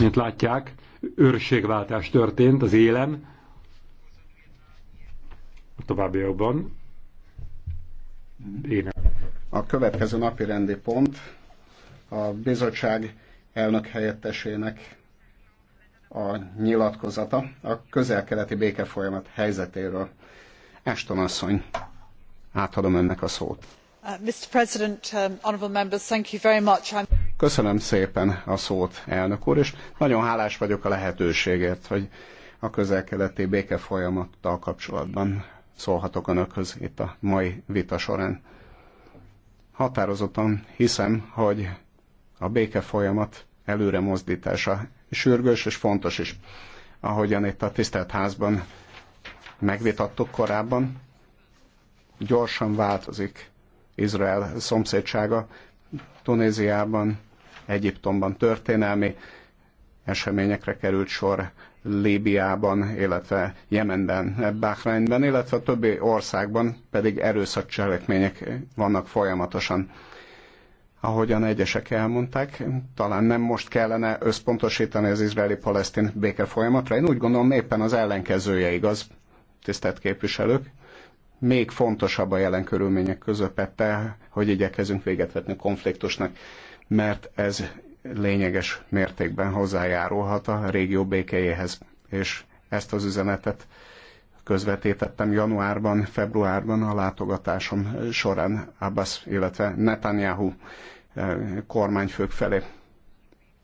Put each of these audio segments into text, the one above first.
Mint látják, őrségváltás történt az élen. A továbbiakban. Én. A következő napi rendi pont a bizottság elnök helyettesének a nyilatkozata a közel-keleti békefolyamat helyzetéről. Eston asszony, átadom önnek a szót. Uh, um, Köszönöm szépen a szót, elnök úr, és nagyon hálás vagyok a lehetőségért, hogy a közel-keleti béke folyamattal kapcsolatban szólhatok önökhöz itt a mai vita során. Határozottan hiszem, hogy a béke folyamat előre mozdítása sürgős és fontos is. Ahogyan itt a tisztelt házban megvitattuk korábban, gyorsan változik Izrael szomszédsága Tunéziában, Egyiptomban történelmi eseményekre került sor, Líbiában, illetve Jemenben, Bahreinben, illetve a többi országban pedig erőszakcselekmények vannak folyamatosan. Ahogyan egyesek elmondták, talán nem most kellene összpontosítani az izraeli-palesztin béke folyamatra. Én úgy gondolom, éppen az ellenkezője igaz, tisztelt képviselők még fontosabb a jelen körülmények közepette, hogy igyekezünk véget vetni konfliktusnak, mert ez lényeges mértékben hozzájárulhat a régió békéjéhez. És ezt az üzenetet közvetítettem januárban, februárban a látogatásom során Abbas, illetve Netanyahu eh, kormányfők felé.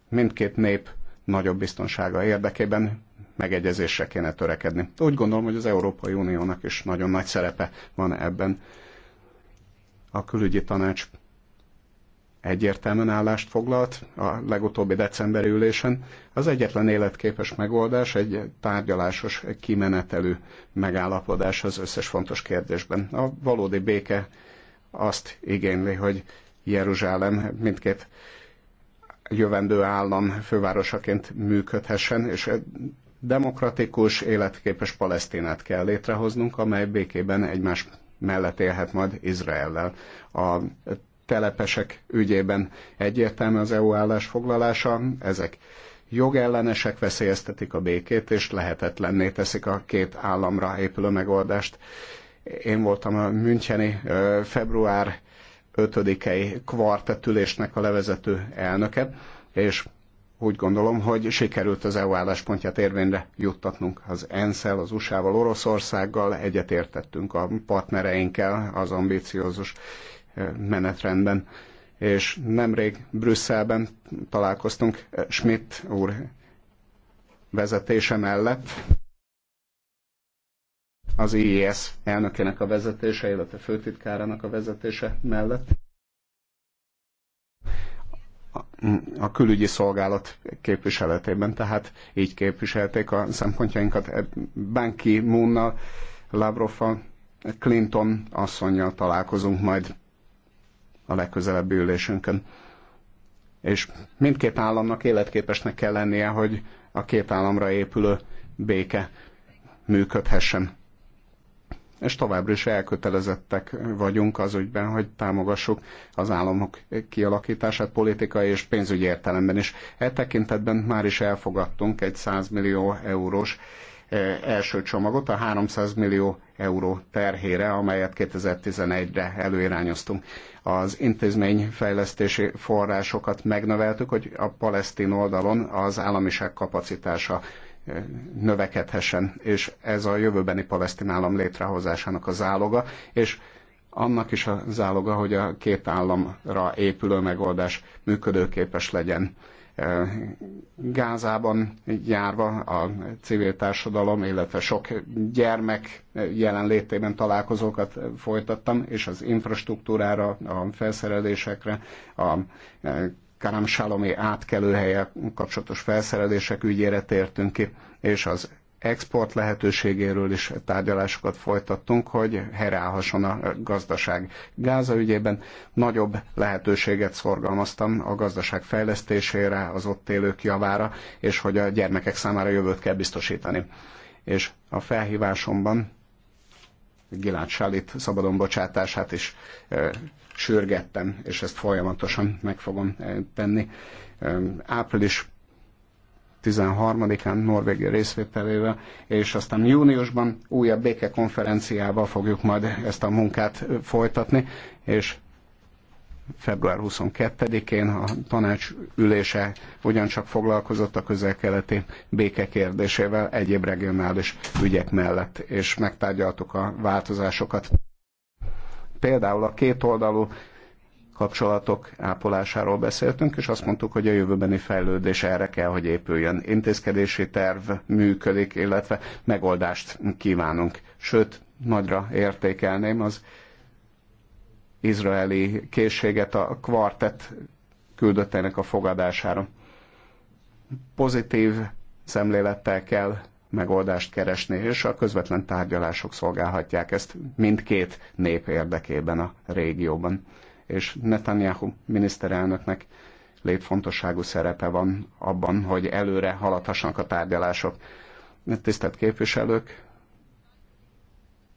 Mindkét nép nagyobb biztonsága érdekében megegyezésre kéne törekedni. Úgy gondolom, hogy az Európai Uniónak is nagyon nagy szerepe van ebben. A külügyi tanács egyértelműen állást foglalt a legutóbbi decemberi ülésen. Az egyetlen életképes megoldás egy tárgyalásos kimenetelű megállapodás az összes fontos kérdésben. A valódi béke azt igényli, hogy Jeruzsálem mindkét jövendő állam fővárosaként működhessen, és demokratikus, életképes Palesztinát kell létrehoznunk, amely békében egymás mellett élhet majd Izraellel. A telepesek ügyében egyértelmű az EU állásfoglalása, ezek jogellenesek veszélyeztetik a békét, és lehetetlenné teszik a két államra épülő megoldást. Én voltam a Müncheni február 5-i kvartetülésnek a levezető elnöke, és úgy gondolom, hogy sikerült az EU álláspontját érvényre juttatnunk az ensz az USA-val, Oroszországgal, egyetértettünk a partnereinkkel az ambíciózus menetrendben. És nemrég Brüsszelben találkoztunk Schmidt úr vezetése mellett, az IES elnökének a vezetése, illetve főtitkárának a vezetése mellett a külügyi szolgálat képviseletében, tehát így képviselték a szempontjainkat Ban ki Moonnal, Lavroffal, Clinton asszonynal találkozunk majd a legközelebbi ülésünkön. És mindkét államnak életképesnek kell lennie, hogy a két államra épülő béke működhessen és továbbra is elkötelezettek vagyunk az ügyben, hogy támogassuk az államok kialakítását politikai és pénzügyi értelemben is. E tekintetben már is elfogadtunk egy 100 millió eurós e, első csomagot a 300 millió euró terhére, amelyet 2011-re előirányoztunk. Az intézményfejlesztési forrásokat megnöveltük, hogy a palesztin oldalon az államiság kapacitása növekedhessen, és ez a jövőbeni palesztin állam létrehozásának a záloga, és annak is a záloga, hogy a két államra épülő megoldás működőképes legyen. E, Gázában járva a civil társadalom, illetve sok gyermek jelenlétében találkozókat folytattam, és az infrastruktúrára, a felszerelésekre, a e, Karam Salomi átkelőhelye kapcsolatos felszerelések ügyére tértünk ki és az export lehetőségéről is tárgyalásokat folytattunk, hogy herálhasson a gazdaság. Gáza ügyében nagyobb lehetőséget szorgalmaztam a gazdaság fejlesztésére, az ott élők javára, és hogy a gyermekek számára jövőt kell biztosítani. És a felhívásomban Gilát Sálit szabadon bocsátását is e, sürgettem, és ezt folyamatosan meg fogom tenni. E, április 13-án Norvégia részvételével, és aztán júniusban újabb békekonferenciával fogjuk majd ezt a munkát folytatni, és február 22-én a tanács ülése ugyancsak foglalkozott a közel-keleti béke kérdésével egyéb regionális ügyek mellett, és megtárgyaltuk a változásokat. Például a kétoldalú kapcsolatok ápolásáról beszéltünk, és azt mondtuk, hogy a jövőbeni fejlődés erre kell, hogy épüljön. Intézkedési terv működik, illetve megoldást kívánunk. Sőt, nagyra értékelném az izraeli készséget a kvartett küldöttének a fogadására. Pozitív szemlélettel kell megoldást keresni, és a közvetlen tárgyalások szolgálhatják ezt mindkét nép érdekében a régióban és Netanyahu miniszterelnöknek létfontosságú szerepe van abban, hogy előre haladhassanak a tárgyalások. Tisztelt képviselők,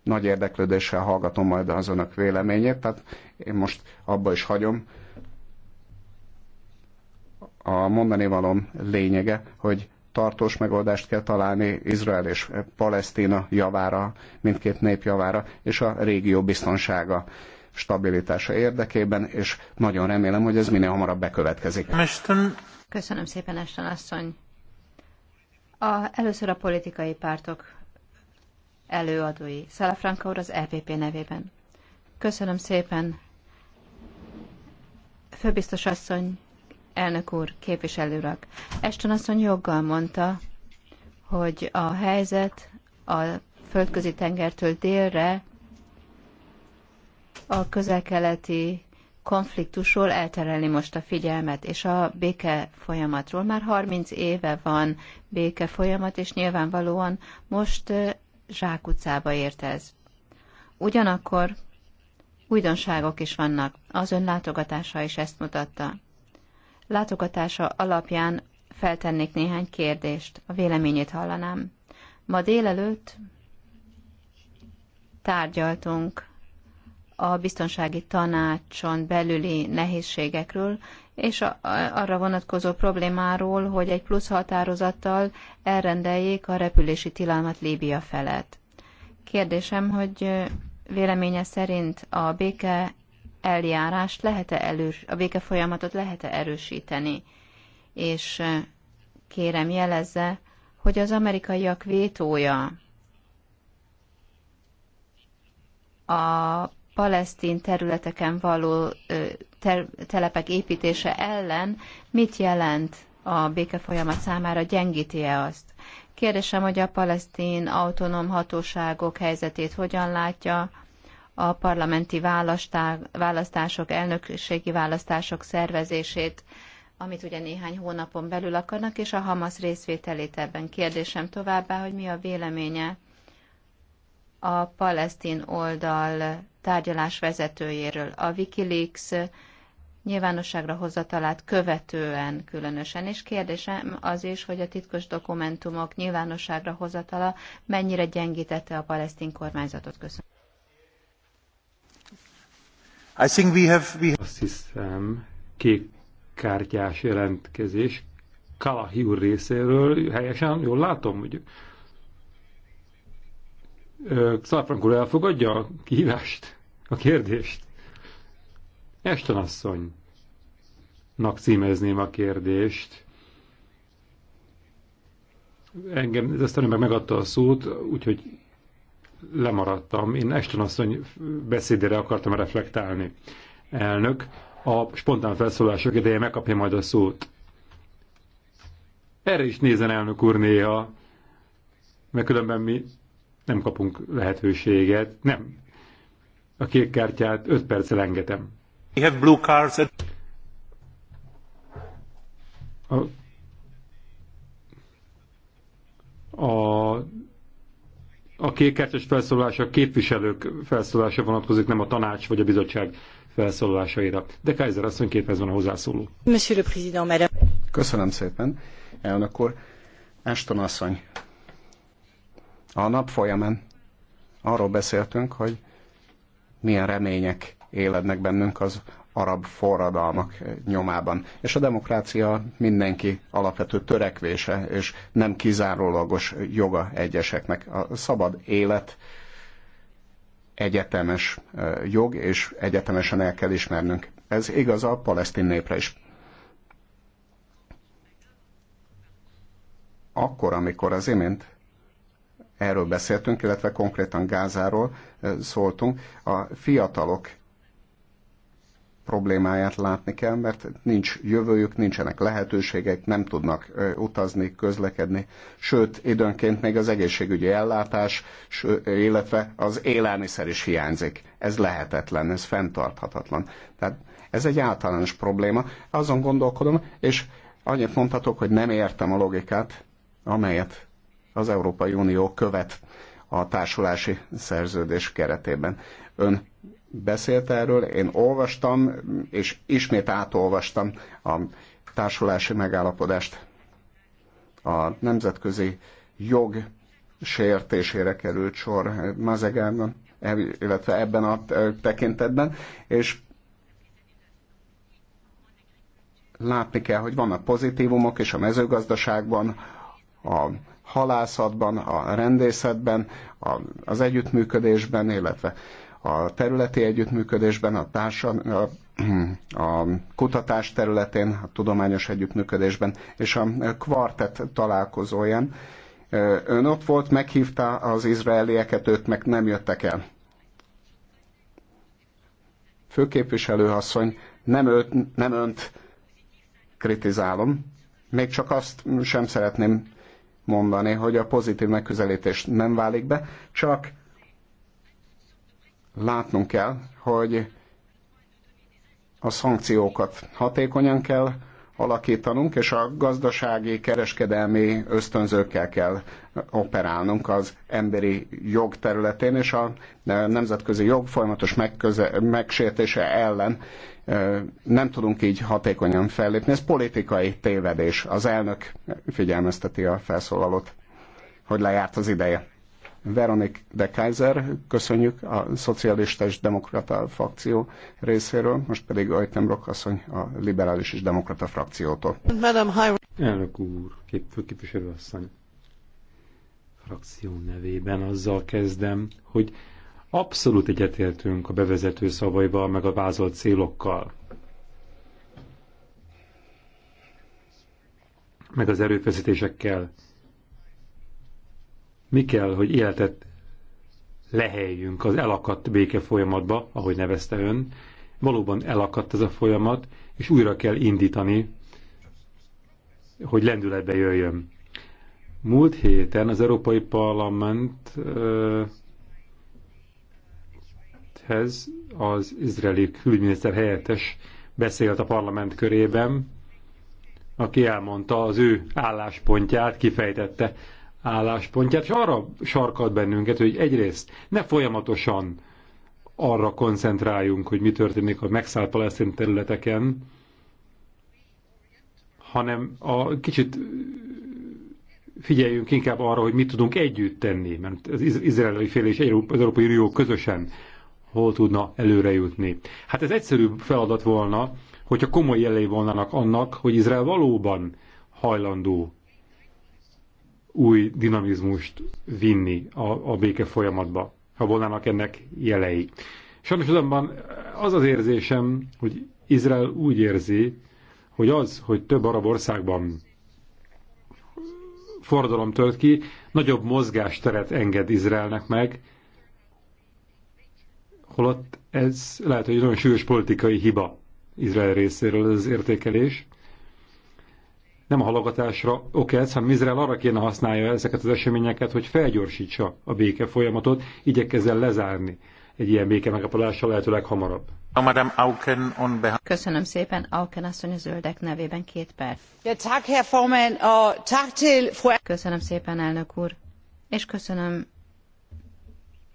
nagy érdeklődéssel hallgatom majd az önök véleményét, tehát én most abba is hagyom. A mondani valom lényege, hogy tartós megoldást kell találni Izrael és Palesztina javára, mindkét nép javára, és a régió biztonsága stabilitása érdekében, és nagyon remélem, hogy ez minél hamarabb bekövetkezik. Köszönöm szépen, Eston asszony. A, először a politikai pártok előadói. Szalafranka úr az EPP nevében. Köszönöm szépen. Főbiztos asszony, elnök úr, képviselőrak. Eston asszony joggal mondta, hogy a helyzet a földközi tengertől délre a közelkeleti konfliktusról elterelni most a figyelmet, és a béke folyamatról. Már 30 éve van béke folyamat, és nyilvánvalóan most zsákutcába ért ez. Ugyanakkor újdonságok is vannak. Az ön látogatása is ezt mutatta. Látogatása alapján feltennék néhány kérdést, a véleményét hallanám. Ma délelőtt tárgyaltunk a biztonsági tanácson belüli nehézségekről, és arra vonatkozó problémáról, hogy egy plusz határozattal elrendeljék a repülési tilalmat Líbia felett. Kérdésem, hogy véleménye szerint a béke eljárást lehet-e a béke folyamatot lehet-e erősíteni, és kérem jelezze, hogy az amerikaiak vétója a palesztin területeken való ter- telepek építése ellen mit jelent a békefolyamat számára, gyengíti-e azt? Kérdésem, hogy a palesztin autonóm hatóságok helyzetét hogyan látja, a parlamenti választások, elnökségi választások szervezését, amit ugye néhány hónapon belül akarnak, és a Hamas részvételét ebben. Kérdésem továbbá, hogy mi a véleménye a palesztin oldal tárgyalás vezetőjéről, a Wikileaks nyilvánosságra hozatalát követően különösen, és kérdésem az is, hogy a titkos dokumentumok nyilvánosságra hozatala mennyire gyengítette a palesztin kormányzatot. Köszönöm. I think we have, we have... Azt hiszem, kék kártyás jelentkezés Kalahi úr részéről, helyesen jól látom, hogy úr elfogadja a kihívást, a kérdést? Eston asszonynak címezném a kérdést. Engem ez aztán meg megadta a szót, úgyhogy lemaradtam. Én Esten asszony beszédére akartam reflektálni. Elnök, a spontán felszólások ideje megkapja majd a szót. Erre is nézen elnök úr néha, mert különben mi nem kapunk lehetőséget. Nem. A kék kártyát 5 perccel engedem. We have blue cards at... a, a, a kártyás felszólalása a képviselők felszólalása vonatkozik, nem a tanács vagy a bizottság felszólalásaira. De Kaiser asszony két percben a hozzászóló. Monsieur le Président, Madame. Köszönöm szépen, elnök úr. Ashton asszony, a nap folyamán arról beszéltünk, hogy milyen remények élednek bennünk az arab forradalmak nyomában. És a demokrácia mindenki alapvető törekvése, és nem kizárólagos joga egyeseknek. A szabad élet egyetemes jog, és egyetemesen el kell ismernünk. Ez igaz a palesztin népre is. Akkor, amikor az imént erről beszéltünk, illetve konkrétan Gázáról szóltunk. A fiatalok problémáját látni kell, mert nincs jövőjük, nincsenek lehetőségek, nem tudnak utazni, közlekedni, sőt, időnként még az egészségügyi ellátás, illetve az élelmiszer is hiányzik. Ez lehetetlen, ez fenntarthatatlan. Tehát ez egy általános probléma. Azon gondolkodom, és annyit mondhatok, hogy nem értem a logikát, amelyet az Európai Unió követ a társulási szerződés keretében. Ön beszélt erről, én olvastam, és ismét átolvastam a társulási megállapodást. A nemzetközi jog sértésére került sor Mazegárnak, e- illetve ebben a tekintetben, és látni kell, hogy vannak pozitívumok, és a mezőgazdaságban, a halászatban, a rendészetben, az együttműködésben, illetve a területi együttműködésben, a, társa, a, a kutatás területén, a tudományos együttműködésben, és a kvartet találkozóján. Ön ott volt, meghívta az izraelieket, ők meg nem jöttek el. Főképviselő asszony, nem, őt, nem önt kritizálom, még csak azt sem szeretném mondani, hogy a pozitív megközelítés nem válik be, csak látnunk kell, hogy a szankciókat hatékonyan kell alakítanunk, és a gazdasági, kereskedelmi ösztönzőkkel kell operálnunk az emberi jog területén, és a e, nemzetközi jog folyamatos megköze- megsértése ellen e, nem tudunk így hatékonyan fellépni. Ez politikai tévedés. Az elnök figyelmezteti a felszólalót, hogy lejárt az ideje. Veronik de Kaiser, köszönjük a Szocialista és Demokrata frakció részéről, most pedig Ajtem asszony a Liberális és Demokrata frakciótól. Madam Elnök úr, képviselő asszony, frakció nevében azzal kezdem, hogy abszolút egyetértünk a bevezető szavaival, meg a vázolt célokkal. Meg az erőfeszítésekkel, mi kell, hogy életet leheljünk az elakadt béke folyamatba, ahogy nevezte ön. Valóban elakadt ez a folyamat, és újra kell indítani, hogy lendületbe jöjjön. Múlt héten az Európai Parlament az izraeli külügyminiszter helyettes beszélt a parlament körében, aki elmondta az ő álláspontját, kifejtette álláspontját, és arra sarkalt bennünket, hogy egyrészt ne folyamatosan arra koncentráljunk, hogy mi történik a megszállt palesztin területeken, hanem a kicsit figyeljünk inkább arra, hogy mit tudunk együtt tenni, mert az izraeli fél és az Európai Unió közösen hol tudna előre jutni. Hát ez egyszerűbb feladat volna, hogyha komoly jelei volnának annak, hogy Izrael valóban hajlandó új dinamizmust vinni a, a béke folyamatba, ha volnának ennek jelei. Sajnos azonban az az érzésem, hogy Izrael úgy érzi, hogy az, hogy több arab országban forradalom tölt ki, nagyobb mozgásteret enged Izraelnek meg, holott ez lehet, hogy nagyon súlyos politikai hiba Izrael részéről ez az értékelés nem a halogatásra okáz, hanem Izrael arra kéne használja ezeket az eseményeket, hogy felgyorsítsa a béke folyamatot, igyekezzen lezárni egy ilyen béke megapadással lehetőleg hamarabb. Köszönöm szépen, Auken asszony a zöldek nevében két perc. Köszönöm szépen, elnök úr, és köszönöm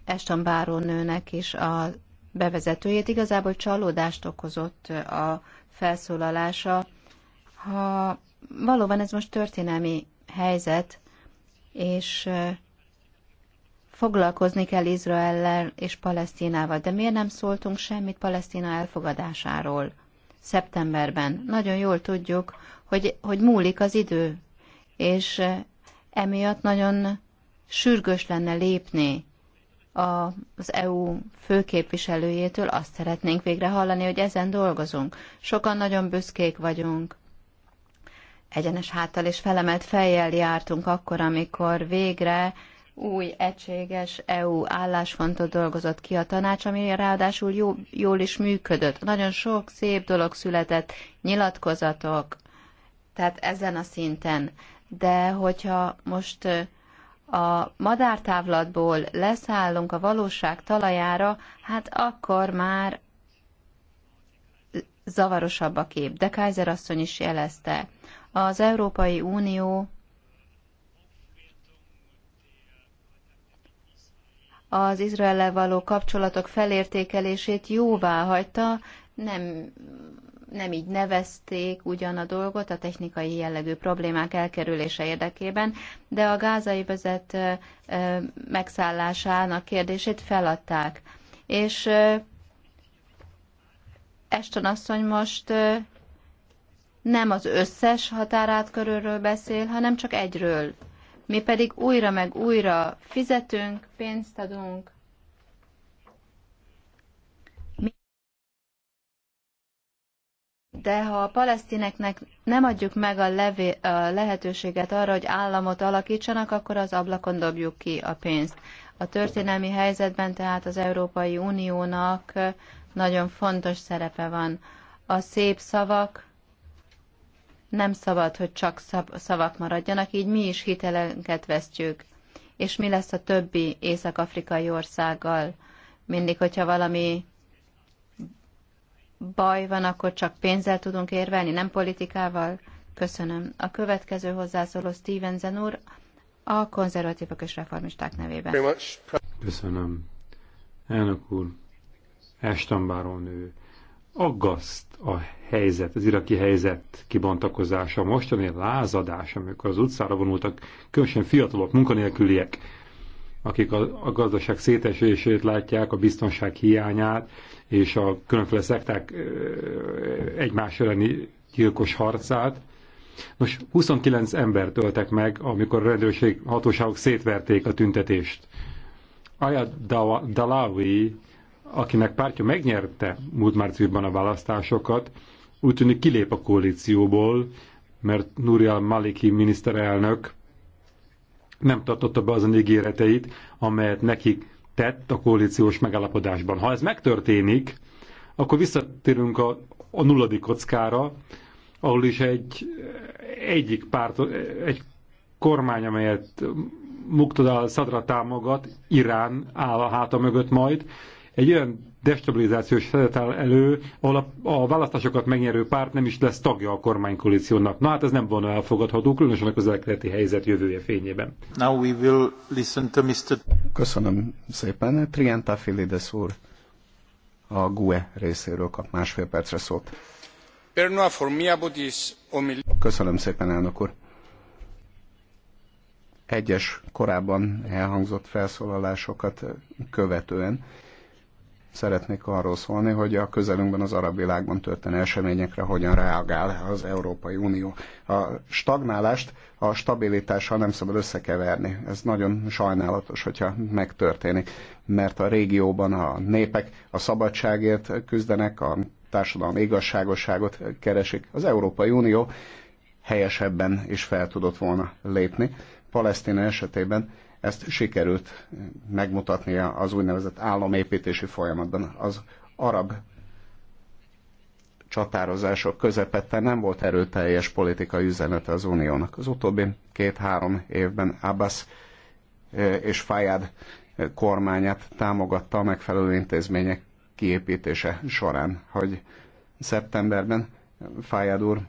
Eston Báró nőnek is a bevezetőjét. Igazából csalódást okozott a felszólalása. Ha valóban ez most történelmi helyzet, és foglalkozni kell Izraellel és Palesztinával. De miért nem szóltunk semmit Palesztina elfogadásáról szeptemberben? Nagyon jól tudjuk, hogy, hogy múlik az idő, és emiatt nagyon sürgős lenne lépni a, az EU főképviselőjétől azt szeretnénk végre hallani, hogy ezen dolgozunk. Sokan nagyon büszkék vagyunk egyenes háttal és felemelt fejjel jártunk akkor, amikor végre új, egységes EU álláspontot dolgozott ki a tanács, ami ráadásul jó, jól is működött. Nagyon sok szép dolog született, nyilatkozatok, tehát ezen a szinten. De hogyha most a madártávlatból leszállunk a valóság talajára, hát akkor már zavarosabb a kép. De Kaiser asszony is jelezte, az Európai Unió az izrael való kapcsolatok felértékelését jóvá hagyta, nem, nem így nevezték ugyan a dolgot a technikai jellegű problémák elkerülése érdekében, de a gázai vezet megszállásának kérdését feladták. És Eston asszony most nem az összes határátkörülről beszél, hanem csak egyről. Mi pedig újra meg újra fizetünk, pénzt adunk. De ha a palesztineknek nem adjuk meg a, levé, a lehetőséget arra, hogy államot alakítsanak, akkor az ablakon dobjuk ki a pénzt. A történelmi helyzetben tehát az Európai Uniónak nagyon fontos szerepe van. A szép szavak nem szabad, hogy csak szavak maradjanak, így mi is hitelenket vesztjük. És mi lesz a többi észak-afrikai országgal? Mindig, hogyha valami baj van, akkor csak pénzzel tudunk érvelni, nem politikával? Köszönöm. A következő hozzászóló Steven úr a konzervatívok és reformisták nevében. Köszönöm. Elnök úr, Estambáron ő aggaszt a helyzet, az iraki helyzet kibontakozása, mostani lázadás, amikor az utcára vonultak, különösen fiatalok, munkanélküliek, akik a, a gazdaság szétesését látják, a biztonság hiányát, és a különféle szekták egymás elleni gyilkos harcát. Nos, 29 ember töltek meg, amikor a rendőrség hatóságok szétverték a tüntetést. Ayad Dalawi, akinek pártja megnyerte múlt márciusban a választásokat, úgy tűnik kilép a koalícióból, mert Nuri al-Maliki miniszterelnök nem tartotta be azon ígéreteit, amelyet nekik tett a koalíciós megállapodásban. Ha ez megtörténik, akkor visszatérünk a, a nulladik kockára, ahol is egy egyik párt, egy kormány, amelyet Muktadal al-Sadra támogat, Irán áll a háta mögött majd, egy olyan destabilizációs helyzet áll elő, ahol a, a választásokat megnyerő párt nem is lesz tagja a kormánykoalíciónak. Na hát ez nem volna elfogadható, különösen a közelkeleti helyzet jövője fényében. Now we will listen to Mr. Köszönöm szépen. Trienta Filides úr a GUE részéről kap másfél percre szót. Köszönöm szépen, elnök úr. Egyes korábban elhangzott felszólalásokat követően szeretnék arról szólni, hogy a közelünkben az arab világban történő eseményekre hogyan reagál az Európai Unió. A stagnálást a stabilitással nem szabad összekeverni. Ez nagyon sajnálatos, hogyha megtörténik, mert a régióban a népek a szabadságért küzdenek, a társadalom igazságosságot keresik. Az Európai Unió helyesebben is fel tudott volna lépni. Palesztina esetében ezt sikerült megmutatni az úgynevezett államépítési folyamatban. Az arab csatározások közepette nem volt erőteljes politikai üzenete az uniónak. Az utóbbi két-három évben Abbas eh, és Fayad eh, kormányát támogatta a megfelelő intézmények kiépítése során, hogy szeptemberben Fayad úr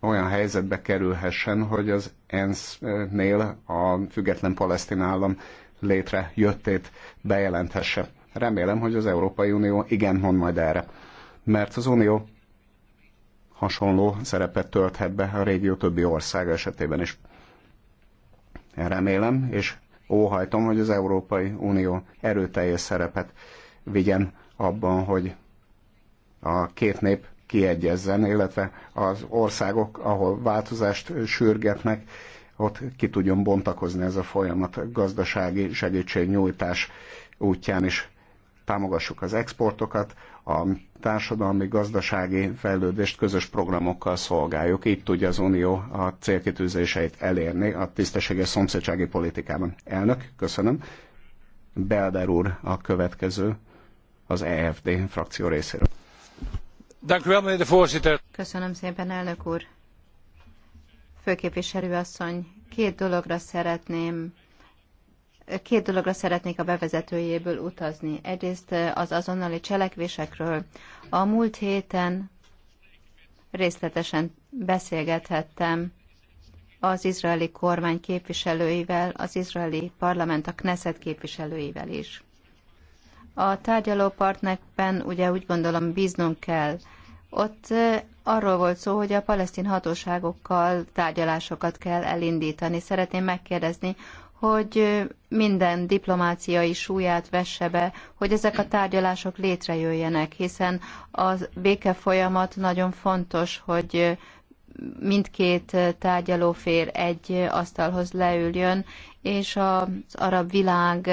olyan helyzetbe kerülhessen, hogy az ENSZ-nél a független palesztin állam létrejöttét bejelenthesse. Remélem, hogy az Európai Unió igen mond majd erre. Mert az Unió hasonló szerepet tölthet be a régió többi országa esetében is. Remélem, és óhajtom, hogy az Európai Unió erőteljes szerepet vigyen abban, hogy a két nép kiegyezzen, illetve az országok, ahol változást sürgetnek, ott ki tudjon bontakozni ez a folyamat gazdasági segítségnyújtás útján is. Támogassuk az exportokat, a társadalmi, gazdasági fejlődést közös programokkal szolgáljuk. Így tudja az Unió a célkitűzéseit elérni a tisztességes szomszédsági politikában. Elnök, köszönöm. Belder úr a következő az EFD frakció részéről. Köszönöm szépen, Főképviselő asszony, két dologra szeretném Két dologra szeretnék a bevezetőjéből utazni. Egyrészt az azonnali cselekvésekről. A múlt héten részletesen beszélgethettem az izraeli kormány képviselőivel, az izraeli parlament, a Knesset képviselőivel is. A tárgyalópartnerben ugye úgy gondolom bíznunk kell. Ott arról volt szó, hogy a palesztin hatóságokkal tárgyalásokat kell elindítani. Szeretném megkérdezni, hogy minden diplomáciai súlyát vesse be, hogy ezek a tárgyalások létrejöjjenek, hiszen a béke folyamat nagyon fontos, hogy mindkét tárgyalófér egy asztalhoz leüljön, és az arab világ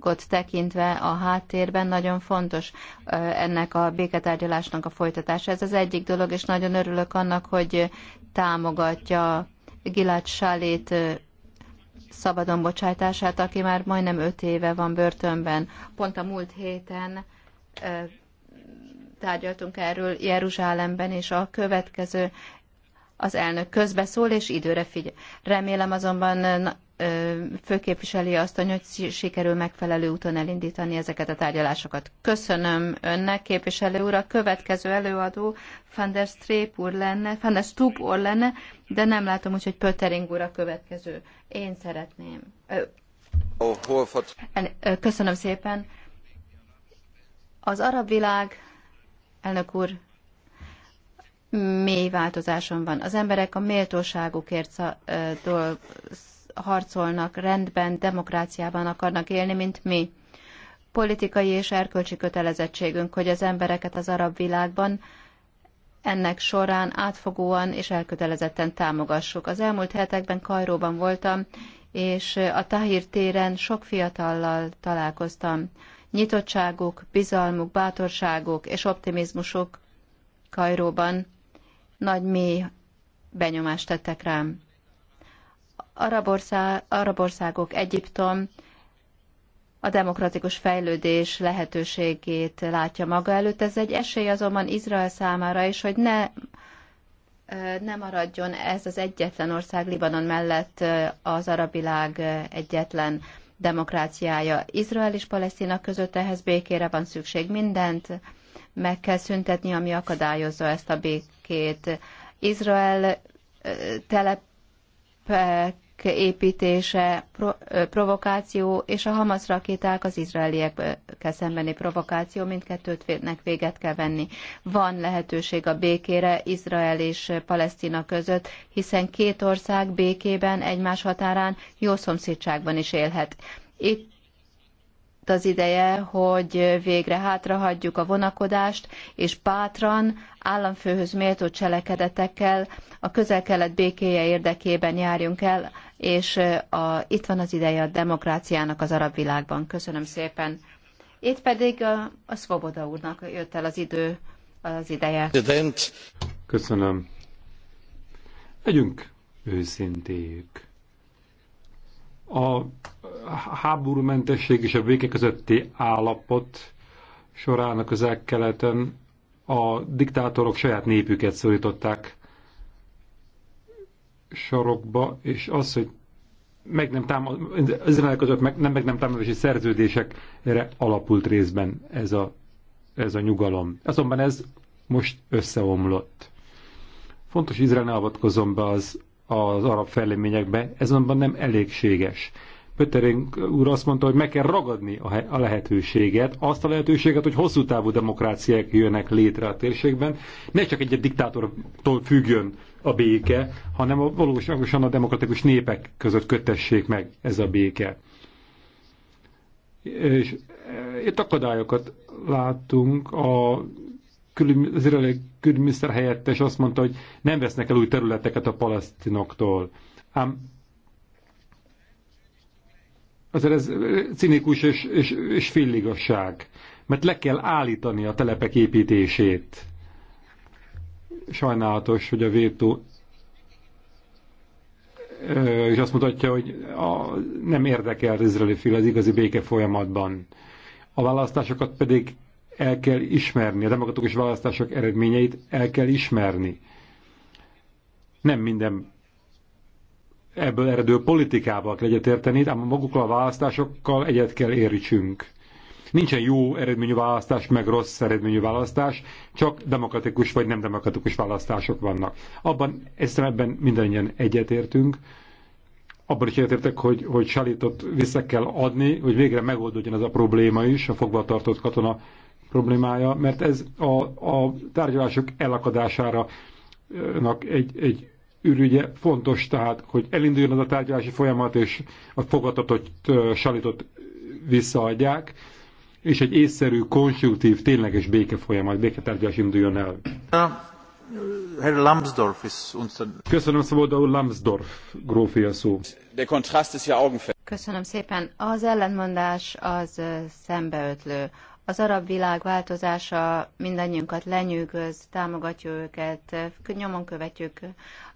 világot tekintve a háttérben nagyon fontos ennek a béketárgyalásnak a folytatása. Ez az egyik dolog, és nagyon örülök annak, hogy támogatja Gilad Salét szabadon bocsájtását, aki már majdnem öt éve van börtönben. Pont a múlt héten tárgyaltunk erről Jeruzsálemben, és a következő az elnök közbeszól, és időre figyel. Remélem azonban főképviseli asszony, hogy sikerül megfelelő úton elindítani ezeket a tárgyalásokat. Köszönöm önnek, képviselő úr. A következő előadó Van der Streep úr lenne, Van der Stoop úr lenne, de nem látom úgy, hogy Pöttering úr a következő. Én szeretném. Köszönöm szépen. Az arab világ, elnök úr, mély változáson van. Az emberek a méltóságukért dolgoznak harcolnak, rendben, demokráciában akarnak élni, mint mi. Politikai és erkölcsi kötelezettségünk, hogy az embereket az arab világban ennek során átfogóan és elkötelezetten támogassuk. Az elmúlt hetekben Kajróban voltam, és a Tahir téren sok fiatallal találkoztam. Nyitottságuk, bizalmuk, bátorságuk és optimizmusuk Kajróban nagy mély benyomást tettek rám. Arab, országok, Egyiptom a demokratikus fejlődés lehetőségét látja maga előtt. Ez egy esély azonban Izrael számára is, hogy ne, ne maradjon ez az egyetlen ország Libanon mellett az arab világ egyetlen demokráciája. Izrael és Palesztina között ehhez békére van szükség. Mindent meg kell szüntetni, ami akadályozza ezt a békét. Izrael telep építése, provokáció és a Hamas rakéták az izraeliekkel szembeni provokáció, mindkettőtnek véget kell venni. Van lehetőség a békére Izrael és Palesztina között, hiszen két ország békében egymás határán jó szomszédságban is élhet. Itt itt az ideje, hogy végre hátrahagyjuk a vonakodást, és bátran, államfőhöz méltó cselekedetekkel a közel-kelet békéje érdekében járjunk el, és a, itt van az ideje a demokráciának az arab világban. Köszönöm szépen. Itt pedig a, a Svoboda úrnak jött el az idő, az ideje. Köszönöm. Legyünk őszinték. A háborúmentesség és a béke közötti állapot során a közel-keleten a diktátorok saját népüket szorították sarokba, és az, hogy meg nem támad, Izrael között meg nem, meg nem támadási szerződésekre alapult részben ez a, ez a nyugalom. Azonban ez most összeomlott. Fontos Izrael ne avatkozom be az az arab fejleményekbe, ez azonban nem elégséges. Pötterünk úr azt mondta, hogy meg kell ragadni a lehetőséget, azt a lehetőséget, hogy hosszú távú demokráciák jönnek létre a térségben, ne csak egy, -egy diktátortól függjön a béke, hanem a, valóságosan a demokratikus népek között kötessék meg ez a béke. És e, itt akadályokat látunk a külön, az külügyminiszter helyettes azt mondta, hogy nem vesznek el új területeket a palesztinoktól. Ám azért ez cinikus és, és, és filligasság, mert le kell állítani a telepek építését. Sajnálatos, hogy a vétó és azt mutatja, hogy a, nem érdekel az izraeli fél az igazi béke folyamatban. A választásokat pedig el kell ismerni, a demokratikus választások eredményeit el kell ismerni. Nem minden ebből eredő politikával kell egyetérteni, ám magukkal a választásokkal egyet kell értsünk. Nincsen jó eredményű választás, meg rossz eredményű választás, csak demokratikus vagy nem demokratikus választások vannak. Abban, ezt ebben mindannyian egyetértünk, abban is egyetértek, hogy, hogy Salitot vissza kell adni, hogy végre megoldódjon ez a probléma is, a fogvatartott katona problémája, mert ez a, a tárgyalások elakadására egy, egy ürügye fontos, tehát, hogy elinduljon az a tárgyalási folyamat, és a fogadatot, salitot visszaadják, és egy észszerű, konstruktív, tényleges béke folyamat, béketárgyalás induljon el. Herr Lambsdorff is unser... Köszönöm Szabolda hogy Lambsdorff grófi szó. De kontraszt ist ja augenfeld. Köszönöm szépen. Az ellentmondás az szembeötlő. Az arab világ változása mindannyiunkat lenyűgöz, támogatja őket, nyomon követjük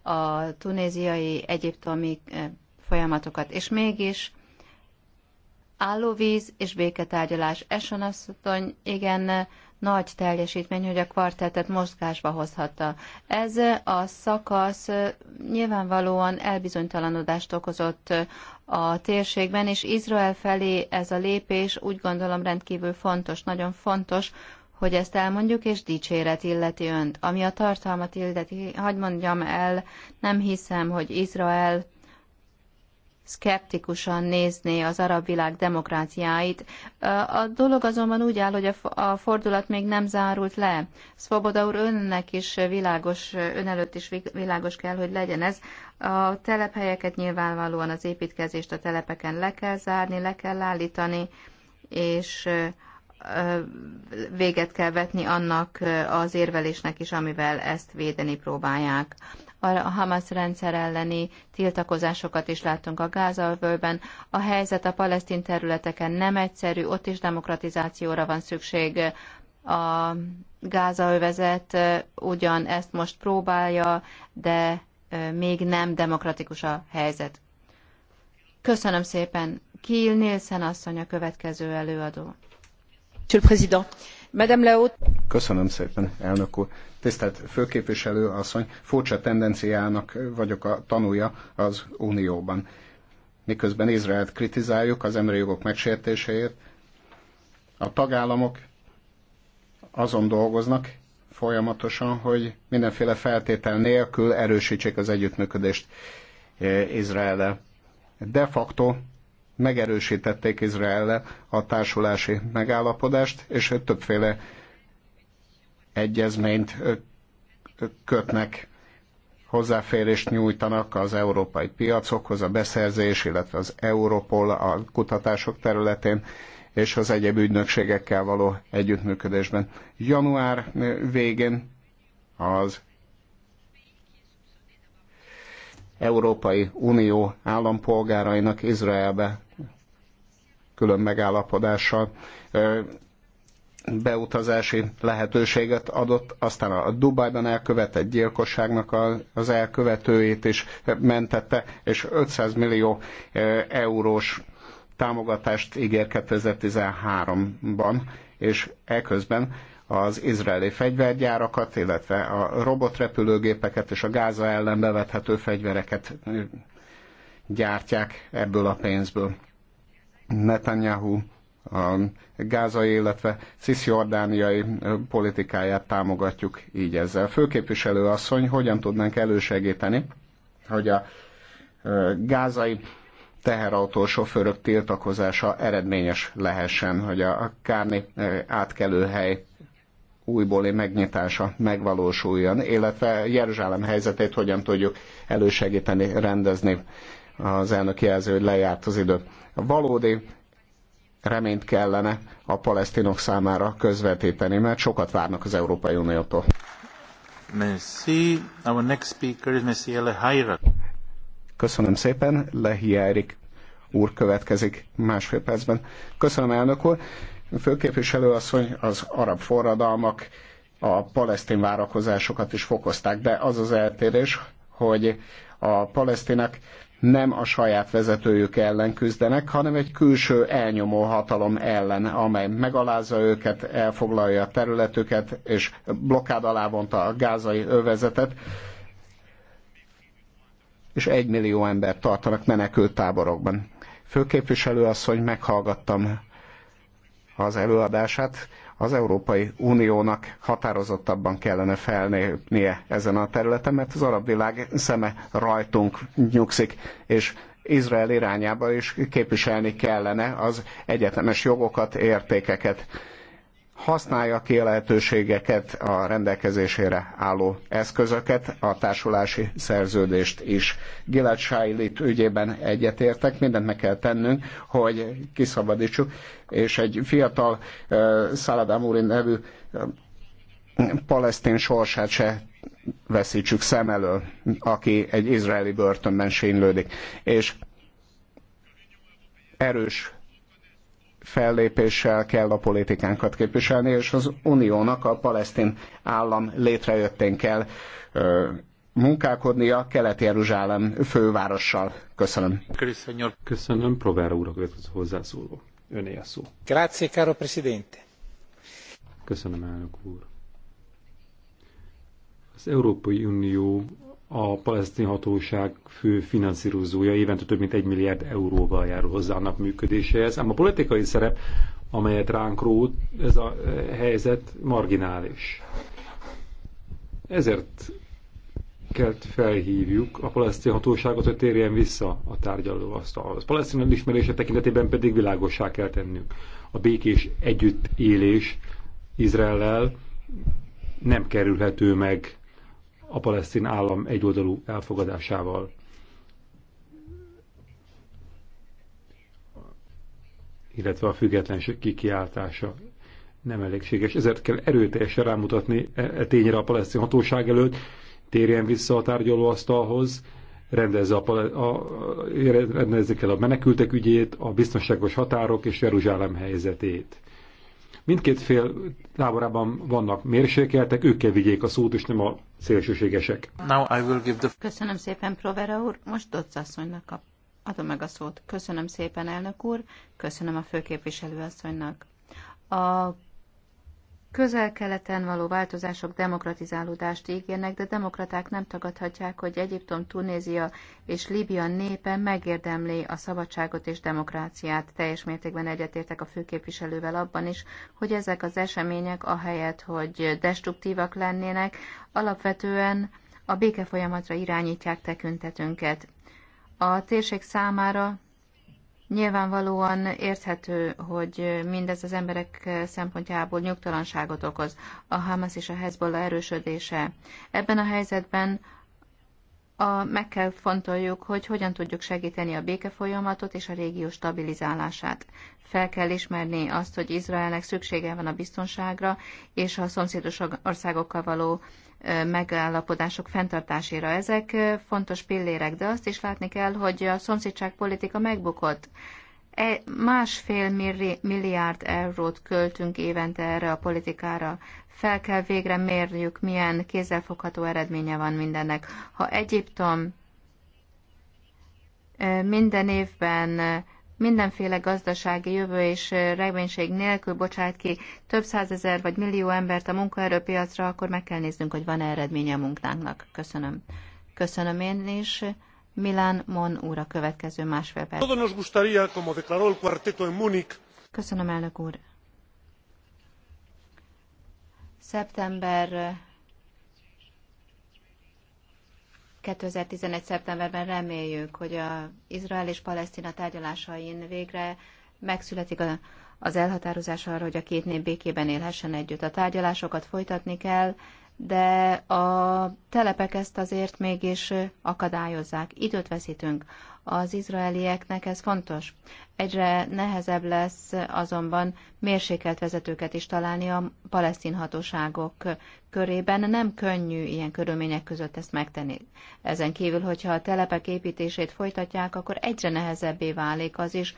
a tunéziai, egyiptomi folyamatokat. És mégis állóvíz és béketárgyalás. Eson asszony igen nagy teljesítmény, hogy a kvartettet mozgásba hozhatta. Ez a szakasz nyilvánvalóan elbizonytalanodást okozott a térségben, és Izrael felé ez a lépés úgy gondolom rendkívül fontos, nagyon fontos, hogy ezt elmondjuk, és dicséret illeti önt. Ami a tartalmat illeti, hagyd mondjam el, nem hiszem, hogy Izrael szkeptikusan nézné az arab világ demokráciáit. A dolog azonban úgy áll, hogy a fordulat még nem zárult le. Szvoboda úr, önnek is világos, ön előtt is világos kell, hogy legyen ez. A telephelyeket nyilvánvalóan az építkezést a telepeken le kell zárni, le kell állítani, és véget kell vetni annak az érvelésnek is, amivel ezt védeni próbálják a Hamas rendszer elleni tiltakozásokat is láttunk a Gázalvölben. A helyzet a palesztin területeken nem egyszerű, ott is demokratizációra van szükség. A Gázaövezet ugyan ezt most próbálja, de még nem demokratikus a helyzet. Köszönöm szépen. Kiel Nielsen asszony a következő előadó. Köszönöm szépen, elnök úr. Tisztelt főképviselő asszony, furcsa tendenciának vagyok a tanúja az Unióban. Miközben Izraelt kritizáljuk az emberi jogok megsértéséért, a tagállamok azon dolgoznak folyamatosan, hogy mindenféle feltétel nélkül erősítsék az együttműködést eh, izrael De facto megerősítették izrael a társulási megállapodást, és többféle egyezményt kötnek, hozzáférést nyújtanak az európai piacokhoz, a beszerzés, illetve az Europol a kutatások területén és az egyéb ügynökségekkel való együttműködésben. Január végén az Európai Unió állampolgárainak Izraelbe külön megállapodással beutazási lehetőséget adott, aztán a Dubajban elkövetett gyilkosságnak az elkövetőjét is mentette, és 500 millió eurós támogatást ígér 2013-ban, és elközben az izraeli fegyvergyárakat, illetve a robotrepülőgépeket és a Gáza ellen bevethető fegyvereket gyártják ebből a pénzből. Netanyahu a gázai, illetve cisziordániai politikáját támogatjuk így ezzel. Főképviselő asszony, hogyan tudnánk elősegíteni, hogy a gázai teherautó sofőrök tiltakozása eredményes lehessen, hogy a kárni átkelőhely újbóli megnyitása megvalósuljon, illetve Jeruzsálem helyzetét hogyan tudjuk elősegíteni, rendezni. Az elnök jelző, hogy lejárt az idő. Valódi reményt kellene a palesztinok számára közvetíteni, mert sokat várnak az Európai Uniótól. Merci. Our next speaker is Monsieur Lehaira. Köszönöm szépen, Erik úr következik másfél percben. Köszönöm, elnök úr főképviselő asszony, az arab forradalmak a palesztin várakozásokat is fokozták, de az az eltérés, hogy a palesztinek nem a saját vezetőjük ellen küzdenek, hanem egy külső elnyomó hatalom ellen, amely megalázza őket, elfoglalja a területüket, és blokkád alá vonta a gázai övezetet, és egy millió embert tartanak menekült táborokban. Főképviselő asszony, meghallgattam az előadását. Az Európai Uniónak határozottabban kellene felnépnie ezen a területen, mert az arab világ szeme rajtunk nyugszik, és Izrael irányába is képviselni kellene az egyetemes jogokat, értékeket használja ki a lehetőségeket, a rendelkezésére álló eszközöket, a társulási szerződést is. Gilad Sájlit ügyében egyetértek, mindent meg kell tennünk, hogy kiszabadítsuk, és egy fiatal uh, Szalad Amuri nevű uh, palesztin sorsát se veszítsük szem elől, aki egy izraeli börtönben sénylődik. És erős fellépéssel kell a politikánkat képviselni, és az uniónak a palesztin állam létrejöttén kell munkálkodnia Kelet-Jeruzsálem fővárossal. Köszönöm. Köszönöm. Köszönöm. Provera úr a következő hozzászóló. Öné a szó. Grazie, caro presidente. Köszönöm, elnök úr. Az Európai Unió a palesztin hatóság fő finanszírozója évente több mint egy milliárd euróval járul hozzá annak működéséhez, ám a politikai szerep, amelyet ránk rót, ez a eh, helyzet marginális. Ezért kell felhívjuk a palesztin hatóságot, hogy térjen vissza a tárgyalóasztalhoz. Palesztin elismerése tekintetében pedig világossá kell tennünk. A békés együttélés Izraellel nem kerülhető meg a palesztin állam egyoldalú elfogadásával. illetve a függetlenség kikiáltása nem elégséges. Ezért kell erőteljesen rámutatni e, e tényre a palesztin hatóság előtt, térjen vissza a tárgyalóasztalhoz, rendezze, a, a, rendezze el a menekültek ügyét, a biztonságos határok és Jeruzsálem helyzetét. Mindkét fél táborában vannak mérsékeltek, ők kell vigyék a szót, és nem a szélsőségesek. Now I will give the... Köszönöm szépen, Provera úr. Most Dodds asszonynak a... adom meg a szót. Köszönöm szépen, elnök úr. Köszönöm a főképviselő asszonynak. A Közel-keleten való változások demokratizálódást ígérnek, de demokraták nem tagadhatják, hogy Egyiptom, Tunézia és Líbia népe megérdemli a szabadságot és demokráciát. Teljes mértékben egyetértek a főképviselővel abban is, hogy ezek az események ahelyett, hogy destruktívak lennének, alapvetően a békefolyamatra irányítják tekintetünket. A térség számára Nyilvánvalóan érthető, hogy mindez az emberek szempontjából nyugtalanságot okoz, a Hamas és a Hezbollah erősödése. Ebben a helyzetben a, meg kell fontoljuk, hogy hogyan tudjuk segíteni a békefolyamatot és a régió stabilizálását. Fel kell ismerni azt, hogy Izraelnek szüksége van a biztonságra és a szomszédos országokkal való megállapodások fenntartására. Ezek fontos pillérek, de azt is látni kell, hogy a szomszédságpolitika megbukott. E, másfél milliárd eurót költünk évente erre a politikára. Fel kell végre mérjük, milyen kézzelfogható eredménye van mindennek. Ha Egyiptom minden évben mindenféle gazdasági jövő és reménység nélkül bocsát ki több százezer vagy millió embert a munkaerőpiacra, akkor meg kell néznünk, hogy van-e eredménye a munkánknak. Köszönöm. Köszönöm én is. Milán Mon úr a következő másfél perc. Köszönöm, elnök úr. Szeptember 2011. szeptemberben reméljük, hogy a Izrael és Palesztina tárgyalásain végre megszületik a, az elhatározás arra, hogy a két nép békében élhessen együtt. A tárgyalásokat folytatni kell, de a telepek ezt azért mégis akadályozzák. Időt veszítünk. Az izraelieknek ez fontos. Egyre nehezebb lesz azonban mérsékelt vezetőket is találni a palesztin hatóságok körében. Nem könnyű ilyen körülmények között ezt megtenni. Ezen kívül, hogyha a telepek építését folytatják, akkor egyre nehezebbé válik az is,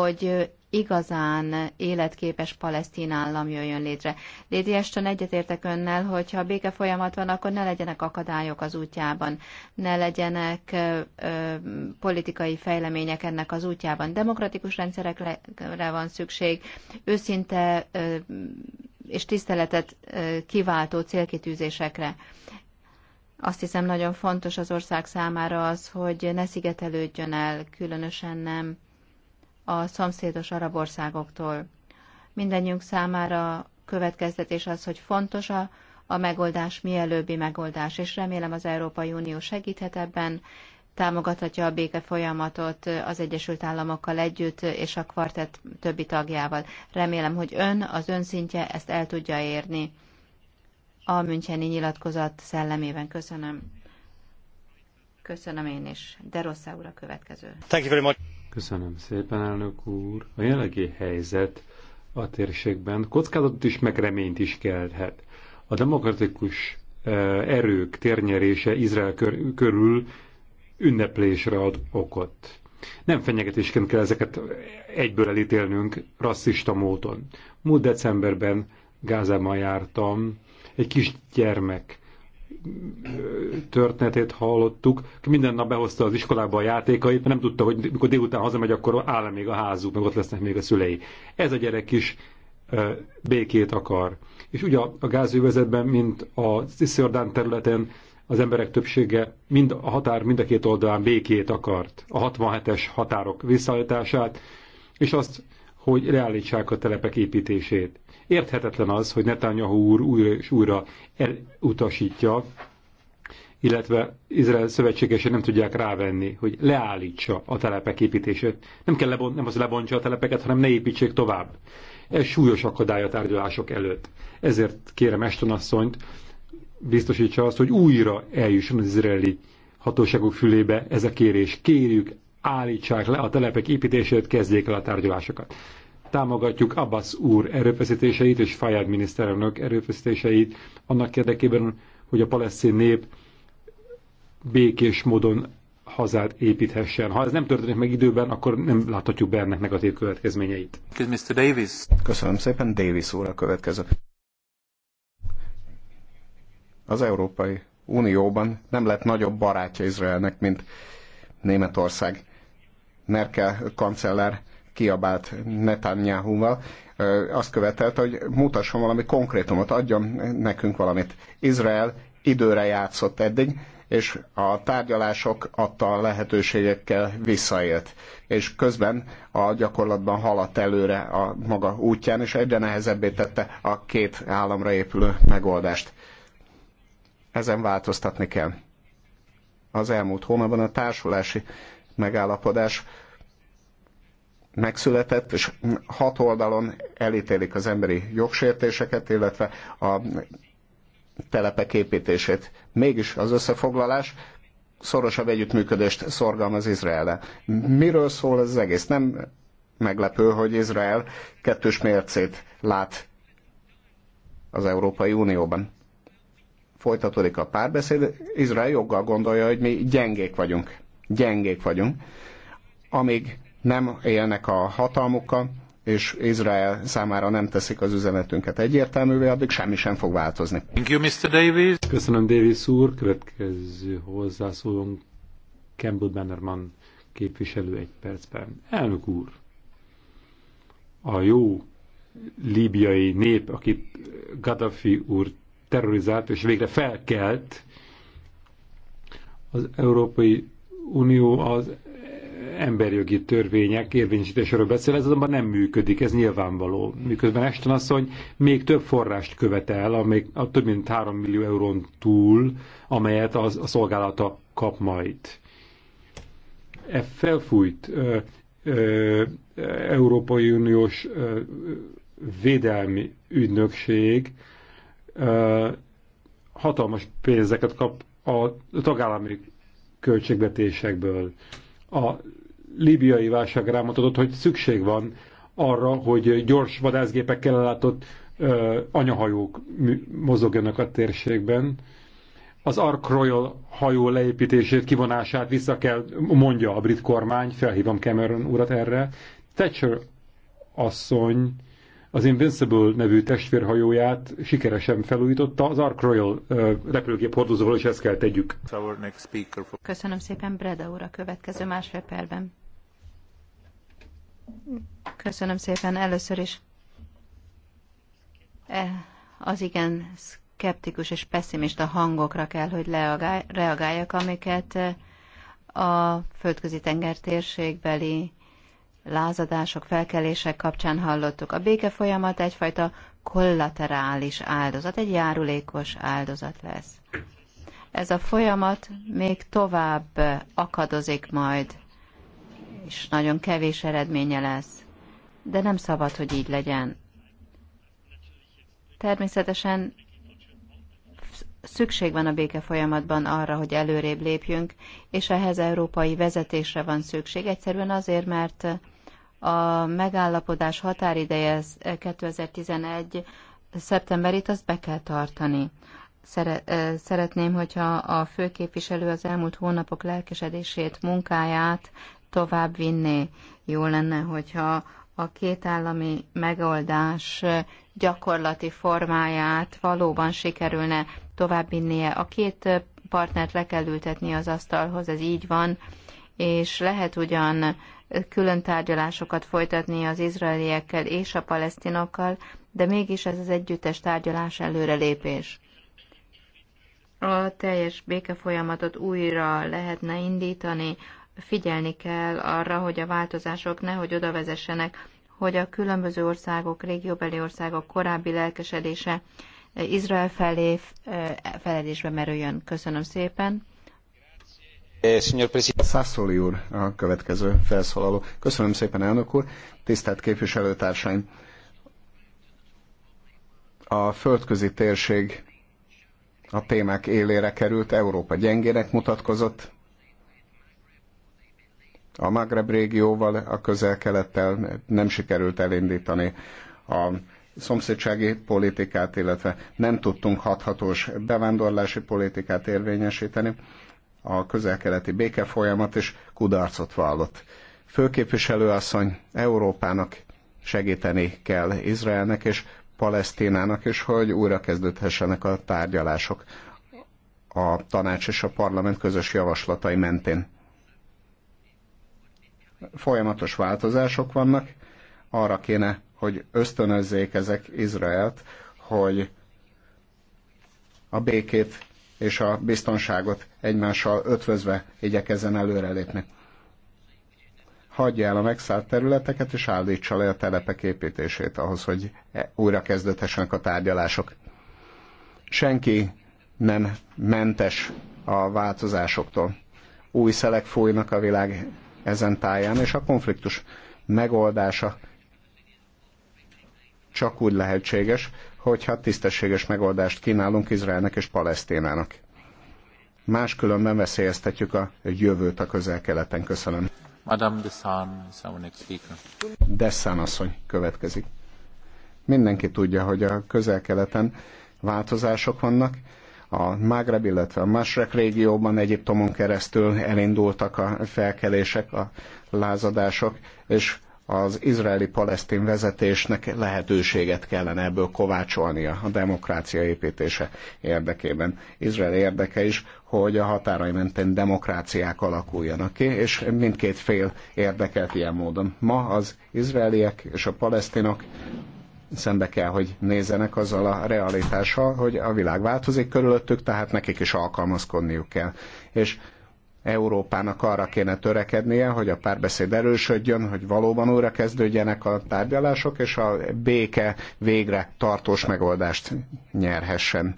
hogy igazán életképes palesztin állam jöjjön létre. Lady Eston egyetértek önnel, hogy ha béke folyamat van, akkor ne legyenek akadályok az útjában, ne legyenek ö, ö, politikai fejlemények ennek az útjában. Demokratikus rendszerekre van szükség, őszinte ö, és tiszteletet ö, kiváltó célkitűzésekre. Azt hiszem nagyon fontos az ország számára az, hogy ne szigetelődjön el, különösen nem a szomszédos arab országoktól. Mindenjünk számára következtetés az, hogy fontos a, a megoldás, mielőbbi megoldás, és remélem az Európai Unió segíthet ebben, támogathatja a béke folyamatot az Egyesült Államokkal együtt és a kvartett többi tagjával. Remélem, hogy ön, az ön szintje ezt el tudja érni a Müncheni nyilatkozat szellemében. Köszönöm. Köszönöm én is. De rossz a következő. Thank you very much. Köszönöm szépen, elnök úr. A jelenlegi helyzet a térségben kockázatot is, meg reményt is kelthet. A demokratikus e, erők térnyerése Izrael körül ünneplésre ad okot. Nem fenyegetésként kell ezeket egyből elítélnünk rasszista módon. Múlt decemberben Gázában jártam, egy kis gyermek történetét hallottuk, minden nap behozta az iskolába a játékait, mert nem tudta, hogy mikor délután hazamegy, akkor áll még a házuk, meg ott lesznek még a szülei. Ez a gyerek is békét akar. És ugye a gázővezetben, mint a Cisziordán területen az emberek többsége mind a határ mind a két oldalán békét akart. A 67-es határok visszaállítását, és azt, hogy leállítsák a telepek építését. Érthetetlen az, hogy Netanyahu úr újra és újra elutasítja, illetve Izrael szövetségesen nem tudják rávenni, hogy leállítsa a telepek építését. Nem kell lebont, nem az lebontsa a telepeket, hanem ne építsék tovább. Ez súlyos akadály a tárgyalások előtt. Ezért kérem Eston asszonyt, biztosítsa azt, hogy újra eljusson az izraeli hatóságok fülébe ez a kérés. Kérjük, állítsák le a telepek építését, kezdjék el a tárgyalásokat támogatjuk Abbas úr erőfeszítéseit és Fayad miniszterelnök erőfeszítéseit annak érdekében, hogy a palesztin nép békés módon hazát építhessen. Ha ez nem történik meg időben, akkor nem láthatjuk be ennek negatív következményeit. Mr. Davis. Köszönöm szépen, Davis úr a következő. Az Európai Unióban nem lett nagyobb barátja Izraelnek, mint Németország. Merkel kancellár kiabált Netanyahu-val, azt követelte, hogy mutasson valami konkrétumot, adjon nekünk valamit. Izrael időre játszott eddig, és a tárgyalások adta a lehetőségekkel visszaélt. És közben a gyakorlatban haladt előre a maga útján, és egyre nehezebbé tette a két államra épülő megoldást. Ezen változtatni kell. Az elmúlt hónapban a társulási megállapodás megszületett, és hat oldalon elítélik az emberi jogsértéseket, illetve a telepek építését. Mégis az összefoglalás szorosabb együttműködést szorgalmaz Izrael. Miről szól ez az egész? Nem meglepő, hogy Izrael kettős mércét lát az Európai Unióban. Folytatódik a párbeszéd, Izrael joggal gondolja, hogy mi gyengék vagyunk. Gyengék vagyunk. Amíg nem élnek a hatalmukkal, és Izrael számára nem teszik az üzenetünket egyértelművé, addig semmi sem fog változni. Thank you, Mr. Davis. Köszönöm, Davis úr. Következő hozzászólónk Campbell Bannerman képviselő egy percben. Elnök úr, a jó líbiai nép, akit Gaddafi úr terrorizált és végre felkelt, az Európai Unió az emberjogi törvények érvényesítéséről beszél, ez azonban nem működik, ez nyilvánvaló. Miközben Esten asszony még több forrást követel, amely a több mint 3 millió eurón túl, amelyet az, a szolgálata kap majd. E felfújt ö, ö, Európai Uniós ö, védelmi ügynökség ö, hatalmas pénzeket kap a tagállami költségvetésekből. A líbiai válság rámutatott, hogy szükség van arra, hogy gyors vadászgépekkel ellátott anyahajók mozogjanak a térségben. Az Ark Royal hajó leépítését, kivonását vissza kell, mondja a brit kormány, felhívom Cameron urat erre. Thatcher asszony az Invincible nevű testvérhajóját sikeresen felújította, az Ark Royal repülőgép hordozóval is ezt kell tegyük. Köszönöm szépen, Breda úr, a következő másfél percben. Köszönöm szépen. Először is e, az igen skeptikus és pessimista hangokra kell, hogy reagáljak, amiket e, a földközi tenger térségbeli lázadások, felkelések kapcsán hallottuk. A béke folyamat egyfajta kollaterális áldozat, egy járulékos áldozat lesz. Ez a folyamat még tovább akadozik majd és nagyon kevés eredménye lesz. De nem szabad, hogy így legyen. Természetesen szükség van a béke folyamatban arra, hogy előrébb lépjünk, és ehhez európai vezetésre van szükség. Egyszerűen azért, mert a megállapodás határideje 2011. Eh, szeptemberit, azt be kell tartani. Eh, szeretném, hogyha a főképviselő az elmúlt hónapok lelkesedését, munkáját tovább vinni. Jó lenne, hogyha a két állami megoldás gyakorlati formáját valóban sikerülne továbbvinnie. A két partnert le kell ültetni az asztalhoz, ez így van, és lehet ugyan külön tárgyalásokat folytatni az izraeliekkel és a palesztinokkal, de mégis ez az együttes tárgyalás előrelépés. A teljes békefolyamatot újra lehetne indítani, figyelni kell arra, hogy a változások nehogy oda vezessenek, hogy a különböző országok, régióbeli országok korábbi lelkesedése Izrael felé eh, feledésbe merüljön. Köszönöm szépen. Eh, Szászoli úr, a következő felszólaló. Köszönöm szépen, elnök úr. Tisztelt képviselőtársaim! A földközi térség a témák élére került, Európa gyengének mutatkozott, a Magreb régióval, a közel-kelettel nem sikerült elindítani a szomszédsági politikát, illetve nem tudtunk hathatós bevándorlási politikát érvényesíteni. A közel-keleti békefolyamat is kudarcot vallott. Főképviselőasszony Európának segíteni kell Izraelnek és Palesztinának is, hogy újra kezdődhessenek a tárgyalások a tanács és a parlament közös javaslatai mentén Folyamatos változások vannak, arra kéne, hogy ösztönözzék ezek Izraelt, hogy a békét és a biztonságot egymással ötvözve igyekezzen előrelépni. Hagyja el a megszállt területeket, és állítsa le a telepek építését ahhoz, hogy e- újra kezdődhessenek a tárgyalások. Senki nem mentes a változásoktól. Új szelek fújnak a világ ezen táján, és a konfliktus megoldása csak úgy lehetséges, hogyha tisztességes megoldást kínálunk Izraelnek és Palesztinának. Máskülönben veszélyeztetjük a jövőt a közel-keleten. Köszönöm. Madame Dessan, Dessan asszony következik. Mindenki tudja, hogy a közel-keleten változások vannak, a Mágreb, illetve a Masrek régióban Egyiptomon keresztül elindultak a felkelések, a lázadások, és az izraeli-palesztin vezetésnek lehetőséget kellene ebből kovácsolnia a demokrácia építése érdekében. Izrael érdeke is, hogy a határai mentén demokráciák alakuljanak ki, és mindkét fél érdekelt ilyen módon. Ma az izraeliek és a palesztinok szembe kell, hogy nézzenek azzal a realitással, hogy a világ változik körülöttük, tehát nekik is alkalmazkodniuk kell. És Európának arra kéne törekednie, hogy a párbeszéd erősödjön, hogy valóban újra kezdődjenek a tárgyalások, és a béke végre tartós megoldást nyerhessen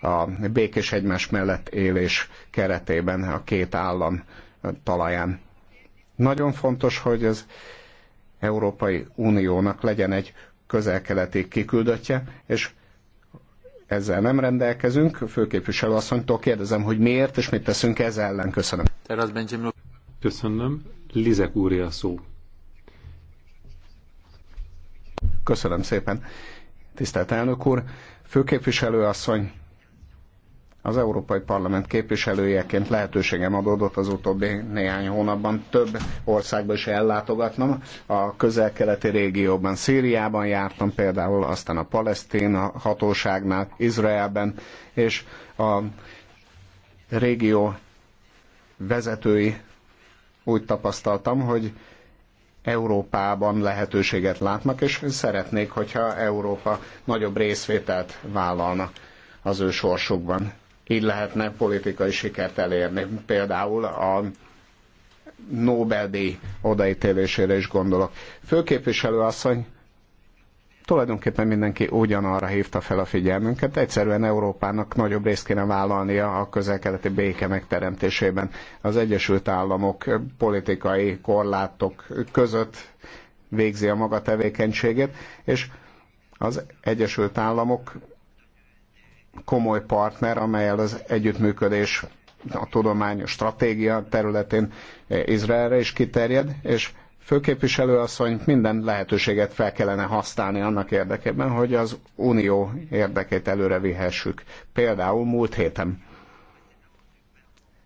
a békés egymás mellett élés keretében a két állam talaján. Nagyon fontos, hogy az Európai Uniónak legyen egy közel-keleti kiküldöttje, és ezzel nem rendelkezünk. Főképviselő asszonytól kérdezem, hogy miért és mit teszünk ez ellen. Köszönöm. Köszönöm. Lizek úr a szó. Köszönöm szépen. Tisztelt elnök úr, főképviselő asszony, az Európai Parlament képviselőjeként lehetőségem adódott az utóbbi néhány hónapban több országba is ellátogatnom. A közel-keleti régióban, Szíriában jártam például, aztán a palesztina hatóságnál, Izraelben, és a régió vezetői úgy tapasztaltam, hogy Európában lehetőséget látnak, és szeretnék, hogyha Európa nagyobb részvételt vállalna az ő sorsukban. Így lehetne politikai sikert elérni. Például a Nobel-díj odaítélésére is gondolok. Főképviselő asszony, tulajdonképpen mindenki ugyanarra hívta fel a figyelmünket, egyszerűen Európának nagyobb részt kéne vállalnia a közel-keleti béke megteremtésében. Az Egyesült Államok politikai korlátok között végzi a maga tevékenységét, és az Egyesült Államok komoly partner, amelyel az együttműködés a tudományos stratégia területén Izraelre is kiterjed, és főképviselő asszony minden lehetőséget fel kellene használni annak érdekében, hogy az unió érdekét előre vihessük. Például múlt héten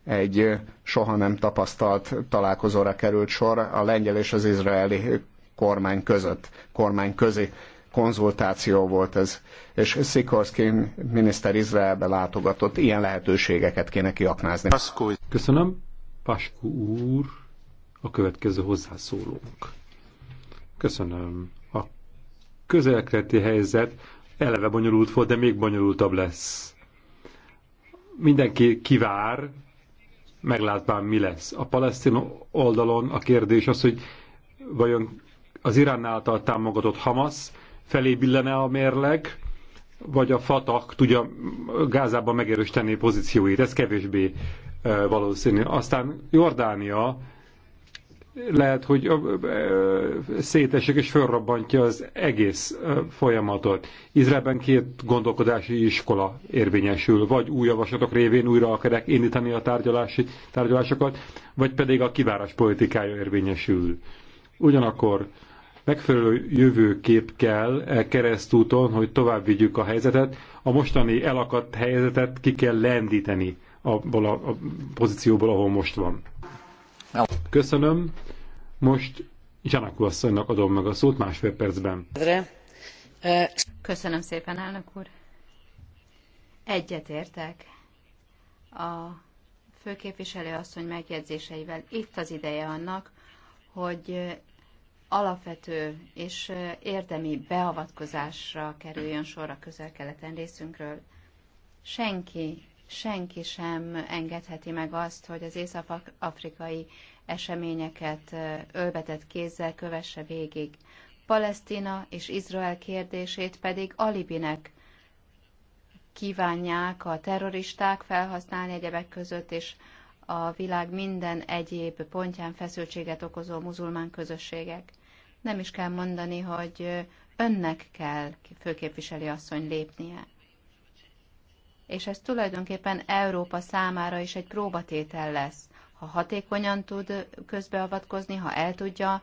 egy soha nem tapasztalt találkozóra került sor a lengyel és az izraeli kormány között, kormány közi konzultáció volt ez, és Szikorszki miniszter Izraelbe látogatott, ilyen lehetőségeket kéne kiaknázni. Köszönöm, Pasku úr, a következő hozzászólónk. Köszönöm. A közelkreti helyzet eleve bonyolult volt, de még bonyolultabb lesz. Mindenki kivár, meglátván mi lesz. A palesztin oldalon a kérdés az, hogy vajon az Irán által támogatott Hamas felé billene a mérleg, vagy a Fatak tudja Gázában megerősíteni pozícióit. Ez kevésbé valószínű. Aztán Jordánia lehet, hogy szétesik és felrobbantja az egész folyamatot. Izraelben két gondolkodási iskola érvényesül, vagy új javaslatok révén újra akarják indítani a tárgyalási, tárgyalásokat, vagy pedig a kivárás politikája érvényesül. Ugyanakkor Megfelelő jövőkép kell e keresztúton, hogy tovább vigyük a helyzetet. A mostani elakadt helyzetet ki kell lendíteni abból a, a pozícióból, ahol most van. Köszönöm. Most Janaku asszonynak adom meg a szót másfél percben. Köszönöm szépen, elnök úr. Egyetértek a főképviselő asszony megjegyzéseivel. Itt az ideje annak, hogy alapvető és érdemi beavatkozásra kerüljön sor a közel-keleten részünkről. Senki, senki sem engedheti meg azt, hogy az észak-afrikai eseményeket ölbetett kézzel kövesse végig. Palesztina és Izrael kérdését pedig alibinek kívánják a terroristák felhasználni egyebek között, és a világ minden egyéb pontján feszültséget okozó muzulmán közösségek. Nem is kell mondani, hogy önnek kell főképviseli asszony lépnie. És ez tulajdonképpen Európa számára is egy próbatétel lesz. Ha hatékonyan tud közbeavatkozni, ha el tudja,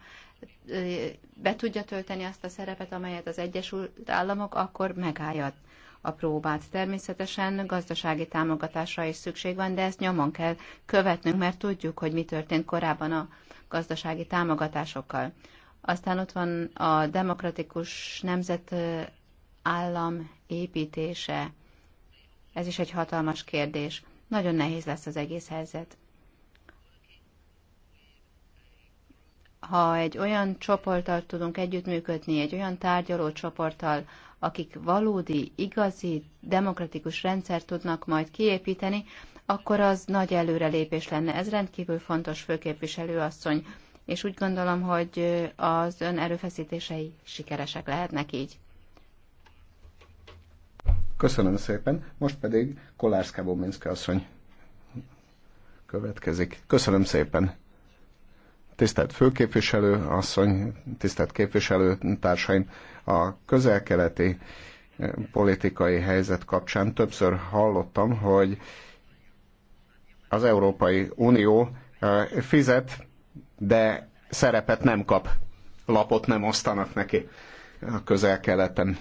be tudja tölteni azt a szerepet, amelyet az Egyesült Államok, akkor megállja a próbát. Természetesen gazdasági támogatásra is szükség van, de ezt nyomon kell követnünk, mert tudjuk, hogy mi történt korábban a gazdasági támogatásokkal. Aztán ott van a demokratikus nemzet állam építése. Ez is egy hatalmas kérdés. Nagyon nehéz lesz az egész helyzet. ha egy olyan csoporttal tudunk együttműködni, egy olyan tárgyaló csoporttal, akik valódi, igazi, demokratikus rendszer tudnak majd kiépíteni, akkor az nagy előrelépés lenne. Ez rendkívül fontos főképviselő asszony, és úgy gondolom, hogy az ön erőfeszítései sikeresek lehetnek így. Köszönöm szépen. Most pedig Kolárszka Bominszka asszony következik. Köszönöm szépen. Tisztelt főképviselő asszony, tisztelt képviselő társaim, a közelkeleti eh, politikai helyzet kapcsán többször hallottam, hogy az Európai Unió eh, fizet, de szerepet nem kap, lapot nem osztanak neki a közelkeleten.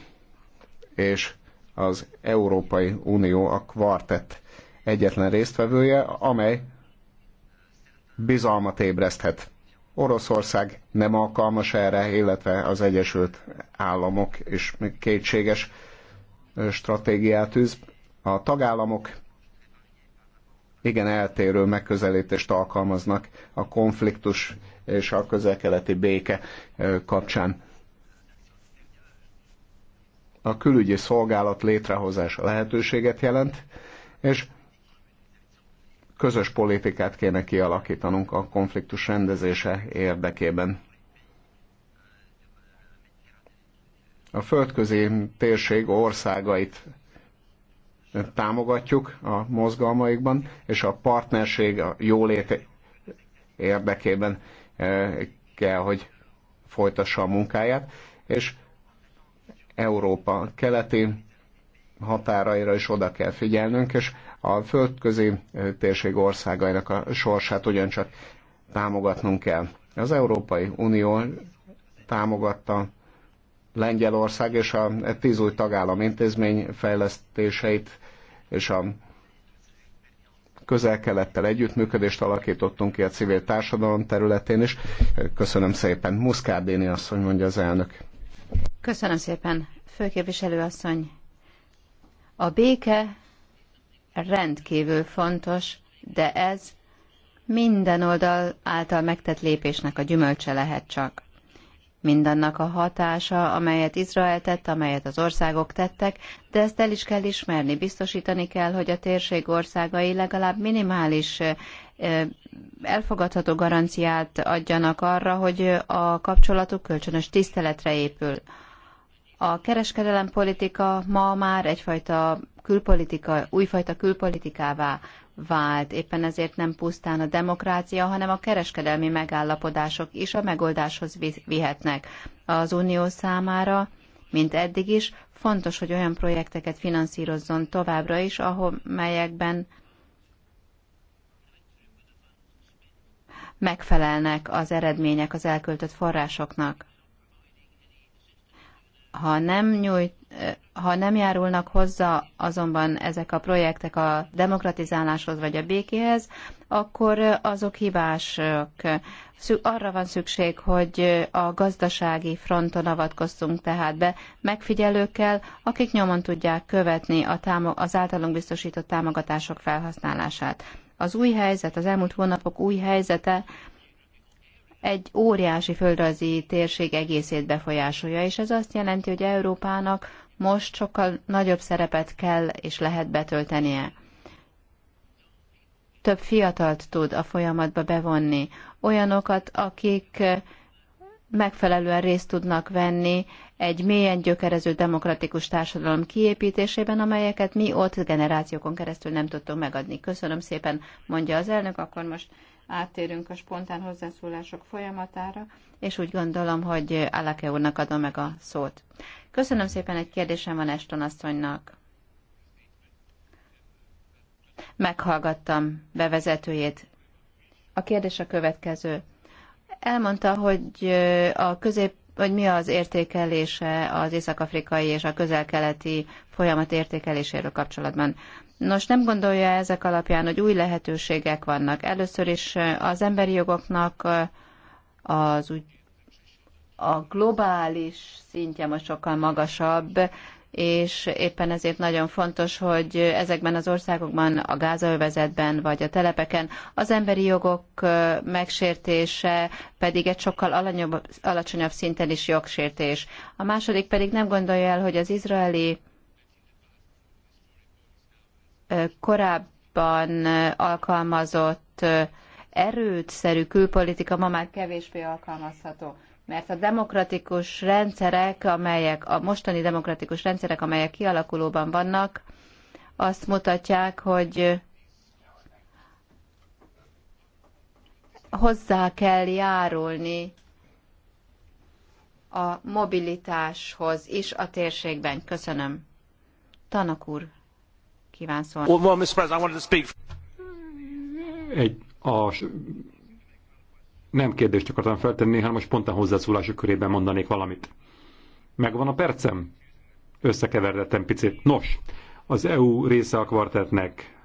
És az Európai Unió a kvartett egyetlen résztvevője, amely bizalmat ébreszthet Oroszország nem alkalmas erre, illetve az Egyesült Államok is kétséges stratégiát üz. A tagállamok igen eltérő megközelítést alkalmaznak a konfliktus és a közelkeleti béke kapcsán. A külügyi szolgálat létrehozása lehetőséget jelent, és közös politikát kéne kialakítanunk a konfliktus rendezése érdekében. A földközi térség országait támogatjuk a mozgalmaikban, és a partnerség a jólét érdekében eh, kell, hogy folytassa a munkáját, és Európa keleti határaira is oda kell figyelnünk, és a földközi térség országainak a sorsát ugyancsak támogatnunk kell. Az Európai Unió támogatta Lengyelország és a tíz új tagállam intézmény fejlesztéseit, és a közel-kelettel együttműködést alakítottunk ki a civil társadalom területén is. Köszönöm szépen. Muszkárdéni asszony mondja az elnök. Köszönöm szépen, főképviselő asszony. A béke rendkívül fontos, de ez minden oldal által megtett lépésnek a gyümölcse lehet csak. Mindannak a hatása, amelyet Izrael tett, amelyet az országok tettek, de ezt el is kell ismerni, biztosítani kell, hogy a térség országai legalább minimális elfogadható garanciát adjanak arra, hogy a kapcsolatuk kölcsönös tiszteletre épül. A kereskedelem politika ma már egyfajta külpolitika, újfajta külpolitikává vált. Éppen ezért nem pusztán a demokrácia, hanem a kereskedelmi megállapodások is a megoldáshoz vihetnek. Az Unió számára, mint eddig is, fontos, hogy olyan projekteket finanszírozzon továbbra is, ahol melyekben megfelelnek az eredmények az elköltött forrásoknak. Ha nem, nyújt, ha nem járulnak hozzá azonban ezek a projektek a demokratizáláshoz vagy a békéhez, akkor azok hibások. Arra van szükség, hogy a gazdasági fronton avatkoztunk tehát be megfigyelőkkel, akik nyomon tudják követni a támo, az általunk biztosított támogatások felhasználását. Az új helyzet, az elmúlt hónapok új helyzete egy óriási földrajzi térség egészét befolyásolja, és ez azt jelenti, hogy Európának most sokkal nagyobb szerepet kell és lehet betöltenie. Több fiatalt tud a folyamatba bevonni, olyanokat, akik megfelelően részt tudnak venni egy mélyen gyökerező demokratikus társadalom kiépítésében, amelyeket mi ott generációkon keresztül nem tudtunk megadni. Köszönöm szépen, mondja az elnök, akkor most áttérünk a spontán hozzászólások folyamatára, és úgy gondolom, hogy Alake úrnak adom meg a szót. Köszönöm szépen, egy kérdésem van Eston asszonynak. Meghallgattam bevezetőjét. A kérdés a következő. Elmondta, hogy a közép vagy mi az értékelése az észak-afrikai és a közel-keleti folyamat értékeléséről kapcsolatban. Nos, nem gondolja ezek alapján, hogy új lehetőségek vannak. Először is az emberi jogoknak az úgy a globális szintje most sokkal magasabb, és éppen ezért nagyon fontos, hogy ezekben az országokban, a gázaövezetben vagy a telepeken az emberi jogok megsértése pedig egy sokkal alacsonyabb szinten is jogsértés. A második pedig nem gondolja el, hogy az izraeli korábban alkalmazott erőtszerű külpolitika ma már kevésbé alkalmazható mert a demokratikus rendszerek, amelyek a mostani demokratikus rendszerek, amelyek kialakulóban vannak, azt mutatják, hogy hozzá kell járulni a mobilitáshoz is a térségben. Köszönöm. Tanak úr, kíván szólni. Egy a nem kérdést akartam feltenni, hanem a spontán hozzászólások körében mondanék valamit. Megvan a percem? Összekeverdettem picit. Nos, az EU része a kvartetnek,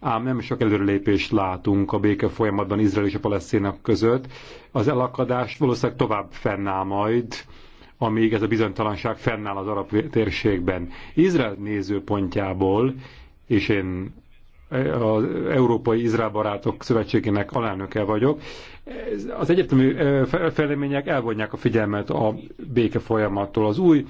ám nem sok előrelépést látunk a béke folyamatban Izrael és a palesztinak között. Az elakadás valószínűleg tovább fennáll majd, amíg ez a bizonytalanság fennáll az arab térségben. Izrael nézőpontjából, és én az Európai Izrael Barátok Szövetségének alelnöke vagyok, az egyetemi fejlemények elvonják a figyelmet a béke folyamattól. Az új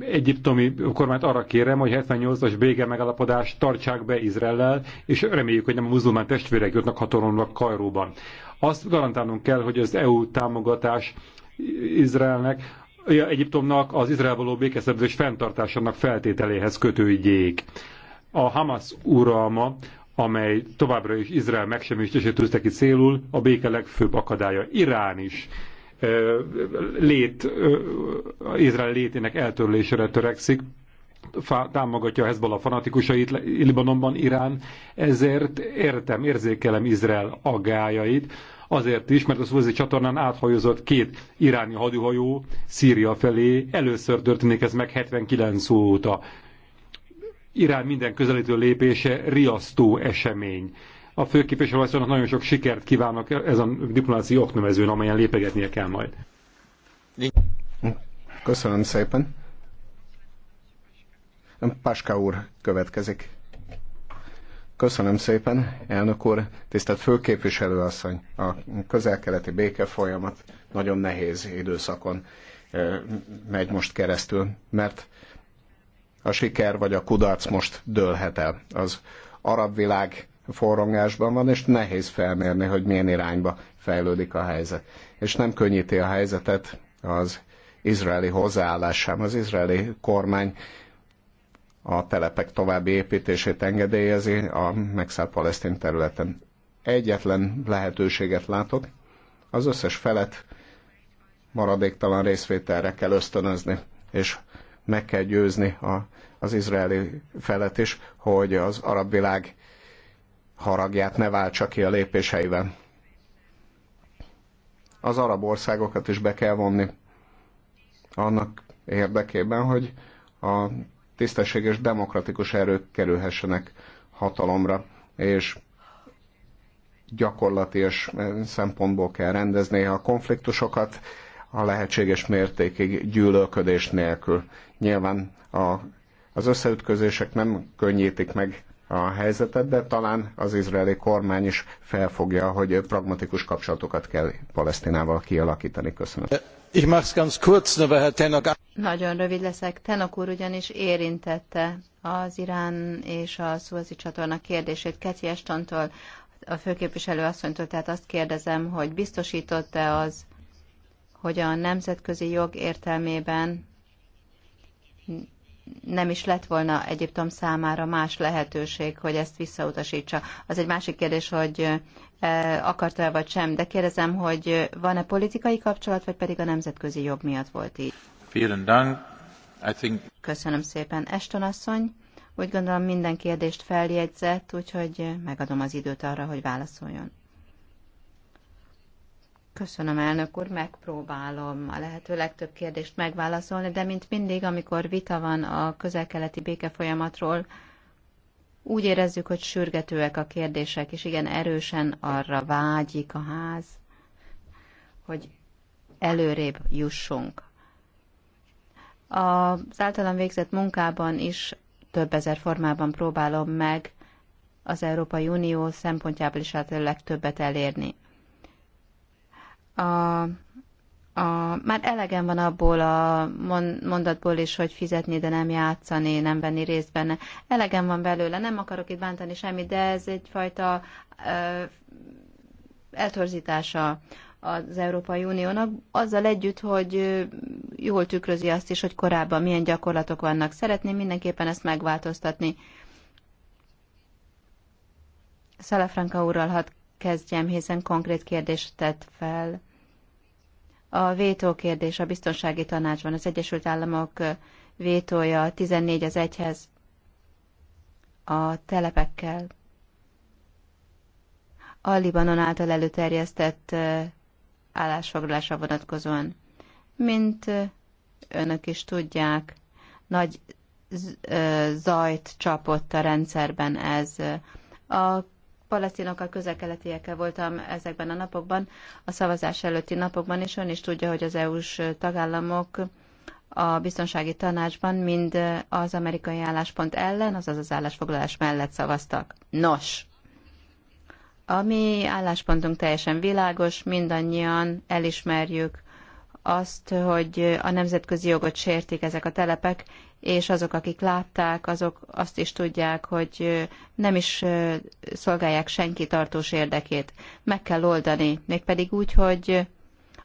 egyiptomi kormányt arra kérem, hogy 78-as béke megállapodást tartsák be el és reméljük, hogy nem a muzulmán testvérek jutnak hatalomra Kajróban. Azt garantálnunk kell, hogy az EU támogatás Izraelnek, ja Egyiptomnak az Izrael való békeszerződés fenntartásának feltételéhez kötődjék. A Hamas uralma amely továbbra is Izrael megsemmisítését tűzte ki célul, a béke legfőbb akadálya. Irán is lét, Izrael létének eltörlésére törekszik, támogatja a Hezbollah fanatikusait Libanonban, Irán, ezért értem, érzékelem Izrael agájait, azért is, mert a Szuvazi csatornán áthajózott két iráni hadihajó Szíria felé, először történik ez meg 79 óta. Irán minden közelítő lépése riasztó esemény. A főképviselőasszonynak nagyon sok sikert kívánok ez a diplomáciai oknövezőn, amelyen lépegetnie kell majd. Köszönöm szépen. Páska úr következik. Köszönöm szépen, elnök úr, tisztelt főképviselő asszony. A közel-keleti béke folyamat nagyon nehéz időszakon eh, megy most keresztül, mert a siker vagy a kudarc most dőlhet el. Az arab világ forrongásban van, és nehéz felmérni, hogy milyen irányba fejlődik a helyzet. És nem könnyíti a helyzetet az izraeli hozzáállás sem. Az izraeli kormány a telepek további építését engedélyezi a megszállt palesztin területen. Egyetlen lehetőséget látok, az összes felet maradéktalan részvételre kell ösztönözni, és meg kell győzni a, az izraeli felet is, hogy az arab világ haragját ne váltsa ki a lépéseivel. Az arab országokat is be kell vonni annak érdekében, hogy a tisztességes demokratikus erők kerülhessenek hatalomra, és és eh, szempontból kell rendezni a konfliktusokat, a lehetséges mértékig gyűlölködés nélkül. Nyilván a, az összeütközések nem könnyítik meg a helyzetet, de talán az izraeli kormány is felfogja, hogy pragmatikus kapcsolatokat kell Palesztinával kialakítani. Köszönöm. Ich mach's ganz kurz, aber Herr Tenok... Nagyon rövid leszek. Tenok úr ugyanis érintette az Irán és a Szuazi csatorna kérdését Keti Estontól, a főképviselő asszonytól, tehát azt kérdezem, hogy biztosított-e az hogy a nemzetközi jog értelmében nem is lett volna Egyiptom számára más lehetőség, hogy ezt visszautasítsa. Az egy másik kérdés, hogy eh, akarta-e vagy sem, de kérdezem, hogy van-e politikai kapcsolat, vagy pedig a nemzetközi jog miatt volt így? Köszönöm szépen, Eston asszony. Úgy gondolom minden kérdést feljegyzett, úgyhogy megadom az időt arra, hogy válaszoljon. Köszönöm, elnök úr, megpróbálom a lehető legtöbb kérdést megválaszolni, de mint mindig, amikor vita van a közelkeleti békefolyamatról, úgy érezzük, hogy sürgetőek a kérdések, és igen, erősen arra vágyik a ház, hogy előrébb jussunk. Az általam végzett munkában is több ezer formában próbálom meg az Európai Unió szempontjából is a legtöbbet elérni a, a, már elegem van abból a mondatból is, hogy fizetni, de nem játszani, nem venni részt benne. Elegem van belőle, nem akarok itt bántani semmit, de ez egyfajta ö, eltorzítása az Európai Uniónak, azzal együtt, hogy jól tükrözi azt is, hogy korábban milyen gyakorlatok vannak. Szeretném mindenképpen ezt megváltoztatni. Szelefranka úrral hadd kezdjem, hiszen konkrét kérdést tett fel. A vétó kérdés a biztonsági tanácsban, az Egyesült Államok vétója 14 az egyhez a telepekkel. A Libanon által előterjesztett állásfoglalásra vonatkozóan. Mint önök is tudják, nagy zajt csapott a rendszerben ez. A palesztinokkal, közel-keletiekkel voltam ezekben a napokban, a szavazás előtti napokban, és ön is tudja, hogy az EU-s tagállamok a biztonsági tanácsban mind az amerikai álláspont ellen, azaz az állásfoglalás mellett szavaztak. Nos, a mi álláspontunk teljesen világos, mindannyian elismerjük azt, hogy a nemzetközi jogot sértik ezek a telepek, és azok, akik látták, azok azt is tudják, hogy nem is szolgálják senki tartós érdekét. Meg kell oldani, mégpedig úgy, hogy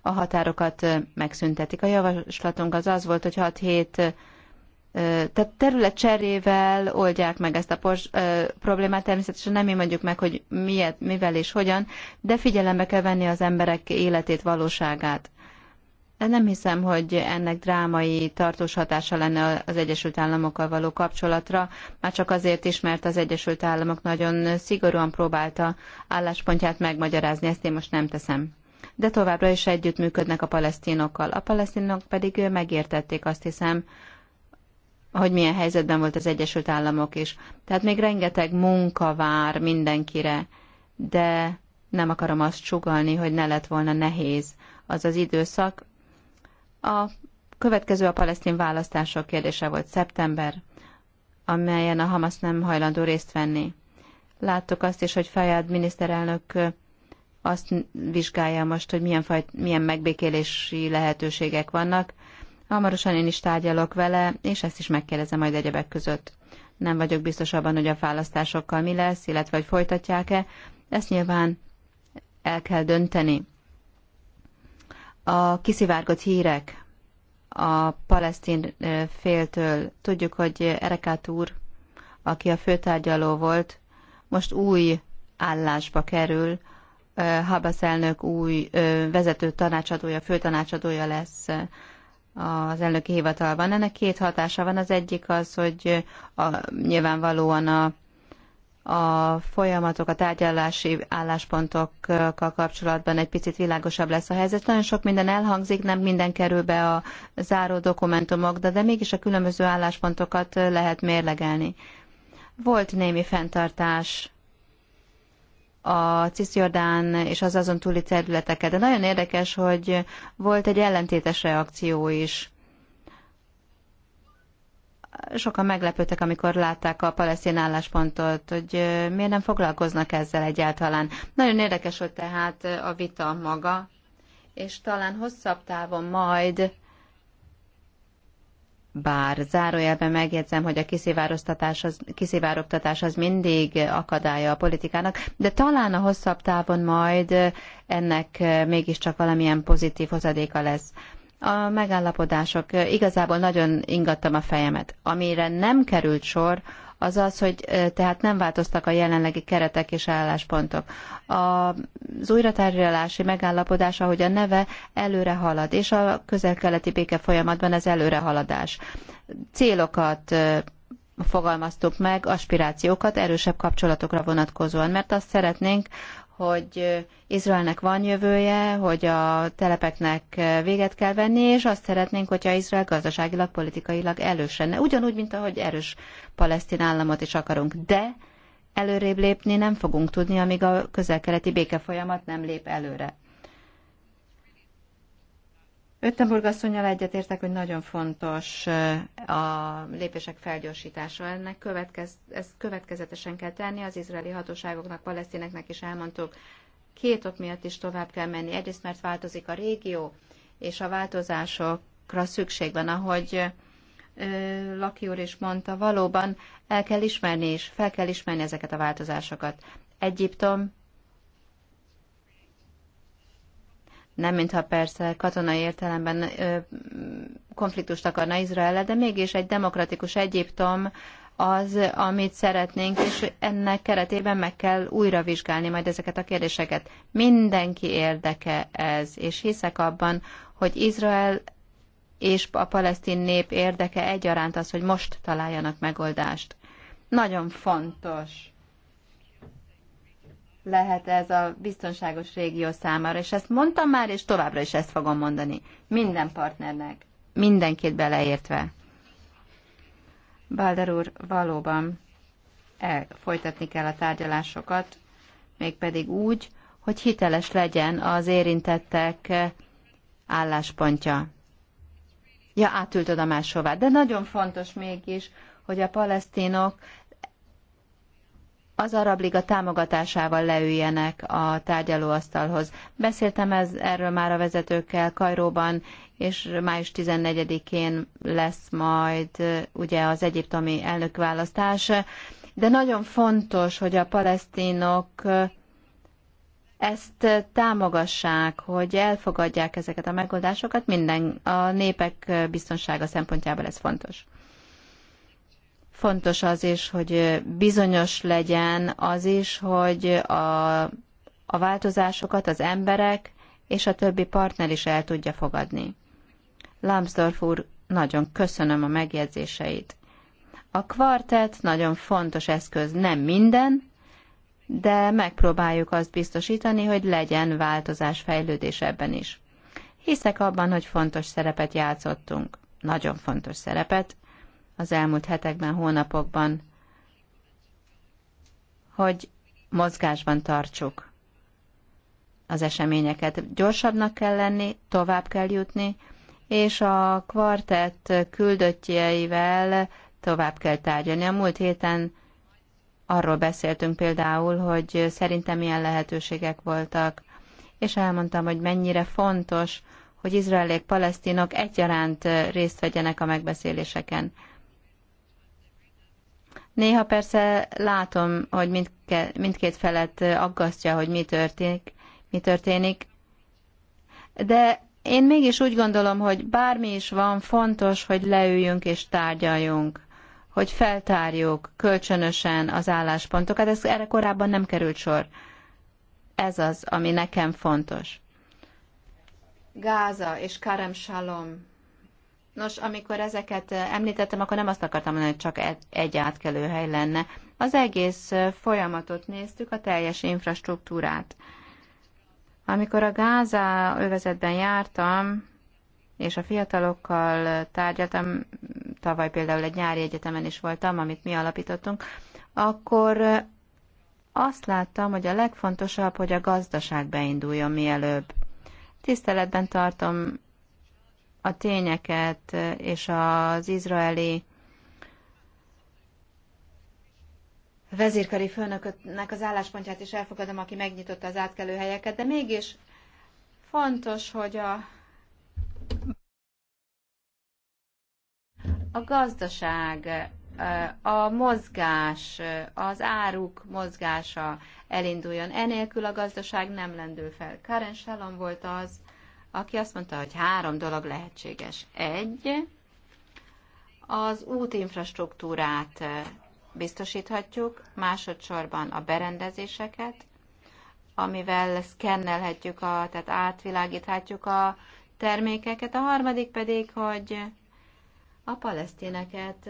a határokat megszüntetik. A javaslatunk az az volt, hogy 6 hét tehát terület cserével oldják meg ezt a pos, ö, problémát, természetesen nem mi mondjuk meg, hogy miért, mivel és hogyan, de figyelembe kell venni az emberek életét, valóságát. Nem hiszem, hogy ennek drámai tartós hatása lenne az Egyesült Államokkal való kapcsolatra, már csak azért is, mert az Egyesült Államok nagyon szigorúan próbálta álláspontját megmagyarázni, ezt én most nem teszem. De továbbra is együttműködnek a palesztinokkal. A palesztinok pedig megértették azt hiszem, hogy milyen helyzetben volt az Egyesült Államok is. Tehát még rengeteg munka vár mindenkire, de nem akarom azt sugalni, hogy ne lett volna nehéz az az időszak, a következő a palesztin választások kérdése volt szeptember, amelyen a Hamas nem hajlandó részt venni. Láttuk azt is, hogy Fajad miniszterelnök azt vizsgálja most, hogy milyen, fajt, milyen megbékélési lehetőségek vannak. Hamarosan én is tárgyalok vele, és ezt is megkérdezem majd egyebek között. Nem vagyok biztos abban, hogy a választásokkal mi lesz, illetve hogy folytatják-e. Ezt nyilván el kell dönteni. A kiszivárgott hírek a palesztin féltől, tudjuk, hogy Erekát úr, aki a főtárgyaló volt, most új állásba kerül, Habas elnök új vezető tanácsadója, főtanácsadója lesz az elnöki hivatalban. Ennek két hatása van. Az egyik az, hogy a, nyilvánvalóan a a folyamatok, a tárgyalási álláspontokkal kapcsolatban egy picit világosabb lesz a helyzet. Nagyon sok minden elhangzik, nem minden kerül be a záró dokumentumok, de, de mégis a különböző álláspontokat lehet mérlegelni. Volt némi fenntartás a Cisjordán és az azon túli területeket, de nagyon érdekes, hogy volt egy ellentétes reakció is sokan meglepődtek, amikor látták a palesztin álláspontot, hogy miért nem foglalkoznak ezzel egyáltalán. Nagyon érdekes volt tehát a vita maga, és talán hosszabb távon majd bár zárójelben megjegyzem, hogy a kiszivárogtatás az, kiszivárogtatás az mindig akadálya a politikának, de talán a hosszabb távon majd ennek mégiscsak valamilyen pozitív hozadéka lesz a megállapodások. Igazából nagyon ingattam a fejemet. Amire nem került sor, az az, hogy tehát nem változtak a jelenlegi keretek és álláspontok. Az újratárgyalási megállapodás, ahogy a neve, előre halad, és a közel-keleti béke folyamatban ez előrehaladás. Célokat fogalmaztuk meg, aspirációkat erősebb kapcsolatokra vonatkozóan, mert azt szeretnénk, hogy Izraelnek van jövője, hogy a telepeknek véget kell venni, és azt szeretnénk, hogyha Izrael gazdaságilag, politikailag erős lenne. Ugyanúgy, mint ahogy erős palesztin államot is akarunk. De előrébb lépni nem fogunk tudni, amíg a közel-keleti békefolyamat nem lép előre. Öttenburg asszonyal egyetértek, hogy nagyon fontos eh, a lépések felgyorsítása. Ennek következ, ezt következetesen kell tenni, az izraeli hatóságoknak, palesztineknek is elmondtuk, két ok miatt is tovább kell menni. Egyrészt, mert változik a régió, és a változásokra szükség van, ahogy eh, Laki úr is mondta, valóban el kell ismerni és fel kell ismerni ezeket a változásokat. Egyiptom nem mintha persze katonai értelemben konfliktust akarna Izrael, de mégis egy demokratikus Egyiptom az, amit szeretnénk, és ennek keretében meg kell újra vizsgálni majd ezeket a kérdéseket. Mindenki érdeke ez, és hiszek abban, hogy Izrael és a palesztin nép érdeke egyaránt az, hogy most találjanak megoldást. Nagyon fontos lehet ez a biztonságos régió számára, és ezt mondtam már, és továbbra is ezt fogom mondani. Minden partnernek, mindenkit beleértve. Balder úr, valóban el, folytatni kell a tárgyalásokat, mégpedig úgy, hogy hiteles legyen az érintettek álláspontja. Ja, átült oda máshová. De nagyon fontos mégis, hogy a palesztinok az Arab Liga támogatásával leüljenek a tárgyalóasztalhoz. Beszéltem ez, erről már a vezetőkkel Kajróban, és május 14-én lesz majd uh, ugye az egyiptomi elnökválasztás. De nagyon fontos, hogy a palesztinok uh, ezt támogassák, hogy elfogadják ezeket a megoldásokat, minden a népek uh, biztonsága szempontjából ez fontos. Fontos az is, hogy bizonyos legyen az is, hogy a, a változásokat az emberek és a többi partner is el tudja fogadni. Lambsdorff úr, nagyon köszönöm a megjegyzéseit. A kvartett nagyon fontos eszköz, nem minden, de megpróbáljuk azt biztosítani, hogy legyen változás, fejlődés ebben is. Hiszek abban, hogy fontos szerepet játszottunk, nagyon fontos szerepet, az elmúlt hetekben, hónapokban, hogy mozgásban tartsuk az eseményeket. Gyorsabbnak kell lenni, tovább kell jutni, és a kvartett küldöttjeivel tovább kell tárgyalni. A múlt héten arról beszéltünk például, hogy szerintem milyen lehetőségek voltak, és elmondtam, hogy mennyire fontos, hogy izraeliek, palesztinok egyaránt részt vegyenek a megbeszéléseken. Néha persze látom, hogy mindke, mindkét felett aggasztja, hogy mi történik, mi történik. De én mégis úgy gondolom, hogy bármi is van, fontos, hogy leüljünk és tárgyaljunk, hogy feltárjuk kölcsönösen az álláspontokat. Ez erre korábban nem került sor. Ez az, ami nekem fontos. Gáza és Karem Shalom Nos, amikor ezeket eh, említettem, akkor nem azt akartam mondani, hogy csak egy átkelő hely lenne. Az egész eh, folyamatot néztük, a teljes infrastruktúrát. Amikor a Gáza övezetben jártam, és a fiatalokkal eh, tárgyaltam, tavaly például egy nyári egyetemen is voltam, amit mi alapítottunk, akkor azt láttam, hogy a legfontosabb, hogy a gazdaság beinduljon mielőbb. Tiszteletben tartom a tényeket és az izraeli vezérkari főnöknek az álláspontját is elfogadom, aki megnyitotta az átkelő helyeket, de mégis fontos, hogy a, a gazdaság, a mozgás, az áruk mozgása elinduljon. Enélkül a gazdaság nem lendül fel. Karen Shalom volt az, aki azt mondta, hogy három dolog lehetséges. Egy, az útinfrastruktúrát biztosíthatjuk, másodszorban a berendezéseket, amivel szkennelhetjük, a, tehát átvilágíthatjuk a termékeket, a harmadik pedig, hogy a palesztineket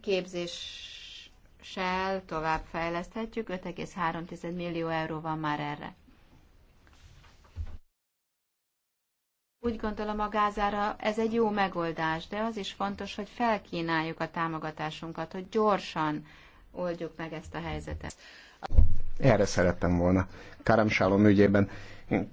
képzéssel továbbfejleszthetjük, 5,3 millió euró van már erre. Úgy gondolom a gázára ez egy jó megoldás, de az is fontos, hogy felkínáljuk a támogatásunkat, hogy gyorsan oldjuk meg ezt a helyzetet. Erre szerettem volna. Kárem Sálom ügyében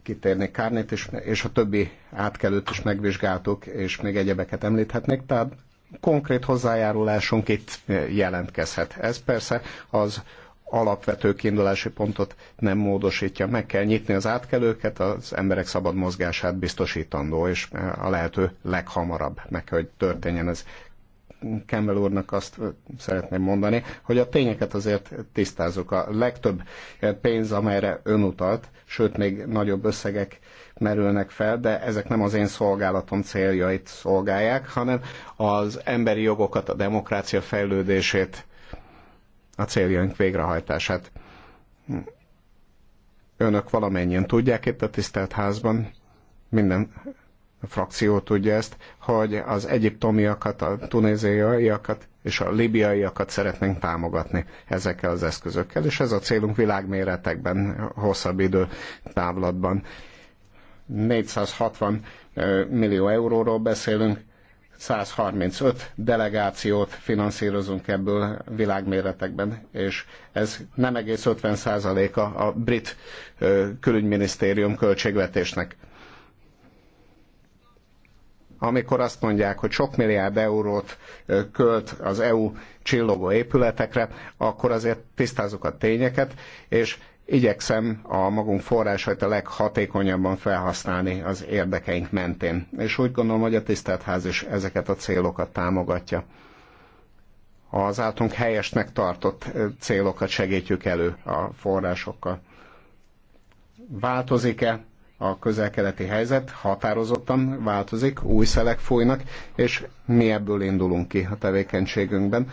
kitérnék Kárnét, és, és a többi átkelőt is megvizsgáltuk, és még egyebeket említhetnék, tehát konkrét hozzájárulásunk itt jelentkezhet. Ez persze az alapvető kiindulási pontot nem módosítja. Meg kell nyitni az átkelőket, az emberek szabad mozgását biztosítandó, és a lehető leghamarabb meg, hogy történjen ez. Campbell úrnak azt szeretném mondani, hogy a tényeket azért tisztázzuk. A legtöbb pénz, amelyre ön utalt, sőt még nagyobb összegek merülnek fel, de ezek nem az én szolgálatom céljait szolgálják, hanem az emberi jogokat, a demokrácia fejlődését a céljaink végrehajtását. Önök valamennyien tudják itt a tisztelt házban, minden frakció tudja ezt, hogy az egyiptomiakat, a tunéziaiakat és a libiaiakat szeretnénk támogatni ezekkel az eszközökkel, és ez a célunk világméretekben, hosszabb idő távlatban. 460 millió euróról beszélünk, 135 delegációt finanszírozunk ebből világméretekben, és ez nem egész 50 százaléka a brit külügyminisztérium költségvetésnek. Amikor azt mondják, hogy sok milliárd eurót költ az EU csillogó épületekre, akkor azért tisztázzuk a tényeket, és igyekszem a magunk forrásait a leghatékonyabban felhasználni az érdekeink mentén. És úgy gondolom, hogy a tisztelt ház is ezeket a célokat támogatja. Az általunk helyesnek tartott célokat segítjük elő a forrásokkal. Változik-e a közelkeleti helyzet? Határozottan változik, új szelek fújnak, és mi ebből indulunk ki a tevékenységünkben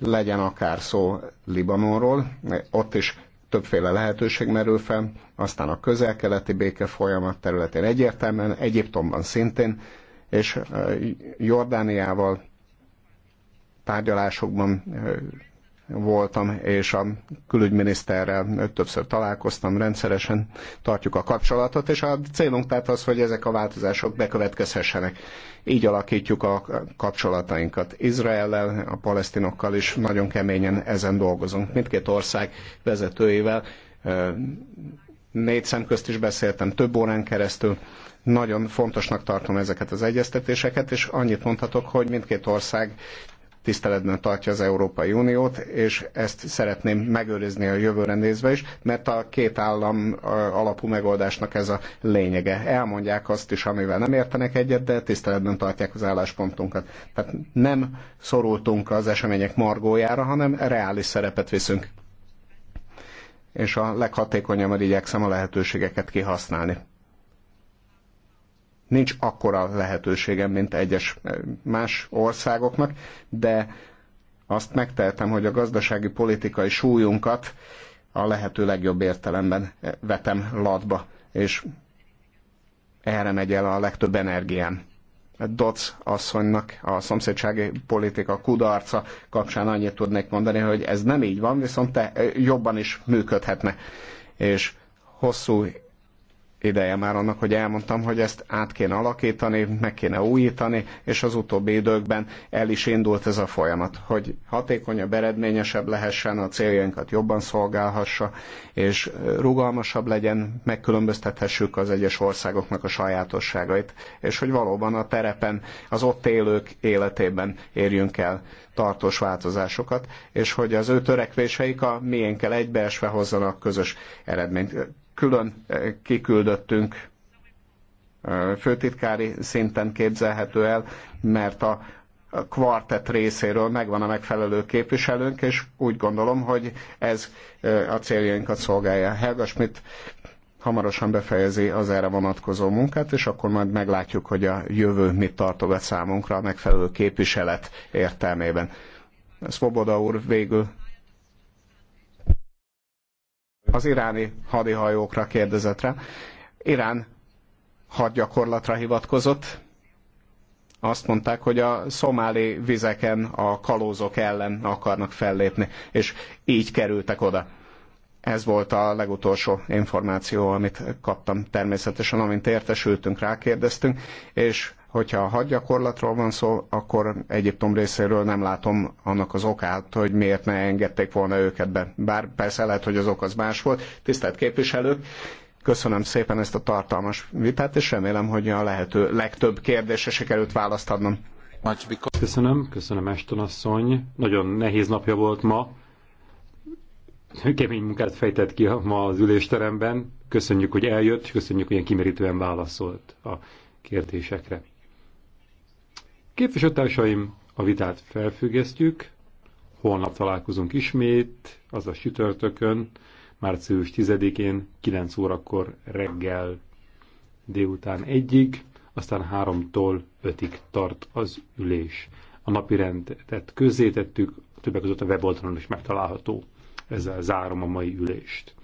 legyen akár szó Libanonról, ott is többféle lehetőség merül fel, aztán a közel-keleti béke folyamat területén egyértelműen, Egyiptomban szintén, és Jordániával tárgyalásokban voltam, és a külügyminiszterrel többször találkoztam rendszeresen, tartjuk a kapcsolatot, és a célunk tehát az, hogy ezek a változások bekövetkezhessenek. Így alakítjuk a kapcsolatainkat. Izraellel, a palesztinokkal is nagyon keményen ezen dolgozunk. Mindkét ország vezetőivel négy szem közt is beszéltem, több órán keresztül. Nagyon fontosnak tartom ezeket az egyeztetéseket, és annyit mondhatok, hogy mindkét ország tiszteletben tartja az Európai Uniót, és ezt szeretném megőrizni a jövőre nézve is, mert a két állam alapú megoldásnak ez a lényege. Elmondják azt is, amivel nem értenek egyet, de tiszteletben tartják az álláspontunkat. Tehát nem szorultunk az események margójára, hanem reális szerepet viszünk és a leghatékonyabban igyekszem a lehetőségeket kihasználni. Nincs akkora lehetőségem, mint egyes eh, más országoknak, de azt megtehetem, hogy a gazdasági politikai súlyunkat a lehető legjobb értelemben eh, vetem latba, és erre megy el a legtöbb energián. Doc asszonynak a szomszédsági politika kudarca kapcsán annyit tudnék mondani, hogy ez nem így van, viszont te eh, jobban is működhetne. És hosszú ideje már annak, hogy elmondtam, hogy ezt át kéne alakítani, meg kéne újítani, és az utóbbi időkben el is indult ez a folyamat, hogy hatékonyabb, eredményesebb lehessen, a céljainkat jobban szolgálhassa, és rugalmasabb legyen, megkülönböztethessük az egyes országoknak a sajátosságait, és hogy valóban a terepen, az ott élők életében érjünk el tartós változásokat, és hogy az ő törekvéseik a miénkkel egybeesve hozzanak közös eredményt külön eh, kiküldöttünk eh, főtitkári szinten képzelhető el, mert a kvartett részéről megvan a megfelelő képviselőnk, és úgy gondolom, hogy ez eh, a céljainkat szolgálja. Helga Schmidt hamarosan befejezi az erre vonatkozó munkát, és akkor majd meglátjuk, hogy a jövő mit tartogat számunkra a megfelelő képviselet értelmében. Svoboda úr végül az iráni hadihajókra kérdezett rá. Irán hadgyakorlatra hivatkozott. Azt mondták, hogy a szomáli vizeken a kalózok ellen akarnak fellépni, és így kerültek oda. Ez volt a legutolsó információ, amit kaptam természetesen, amint értesültünk, rákérdeztünk, és hogyha a hadgyakorlatról van szó, akkor Egyiptom részéről nem látom annak az okát, hogy miért ne engedték volna őket be. Bár persze lehet, hogy az ok az más volt. Tisztelt képviselők, köszönöm szépen ezt a tartalmas vitát, és remélem, hogy a lehető legtöbb kérdésre sikerült választ adnom. Köszönöm, köszönöm Eston asszony. Nagyon nehéz napja volt ma. Kemény munkát fejtett ki ma az ülésteremben. Köszönjük, hogy eljött, és köszönjük, hogy ilyen kimerítően válaszolt a kérdésekre. Képviselőtársaim, a vitát felfüggesztjük, holnap találkozunk ismét, azaz sütörtökön, március 10-én 9 órakor reggel délután egyig, aztán 3-tól 5-ig tart az ülés. A napi rendet közzétettük, többek között a weboldalon is megtalálható. Ezzel zárom a mai ülést.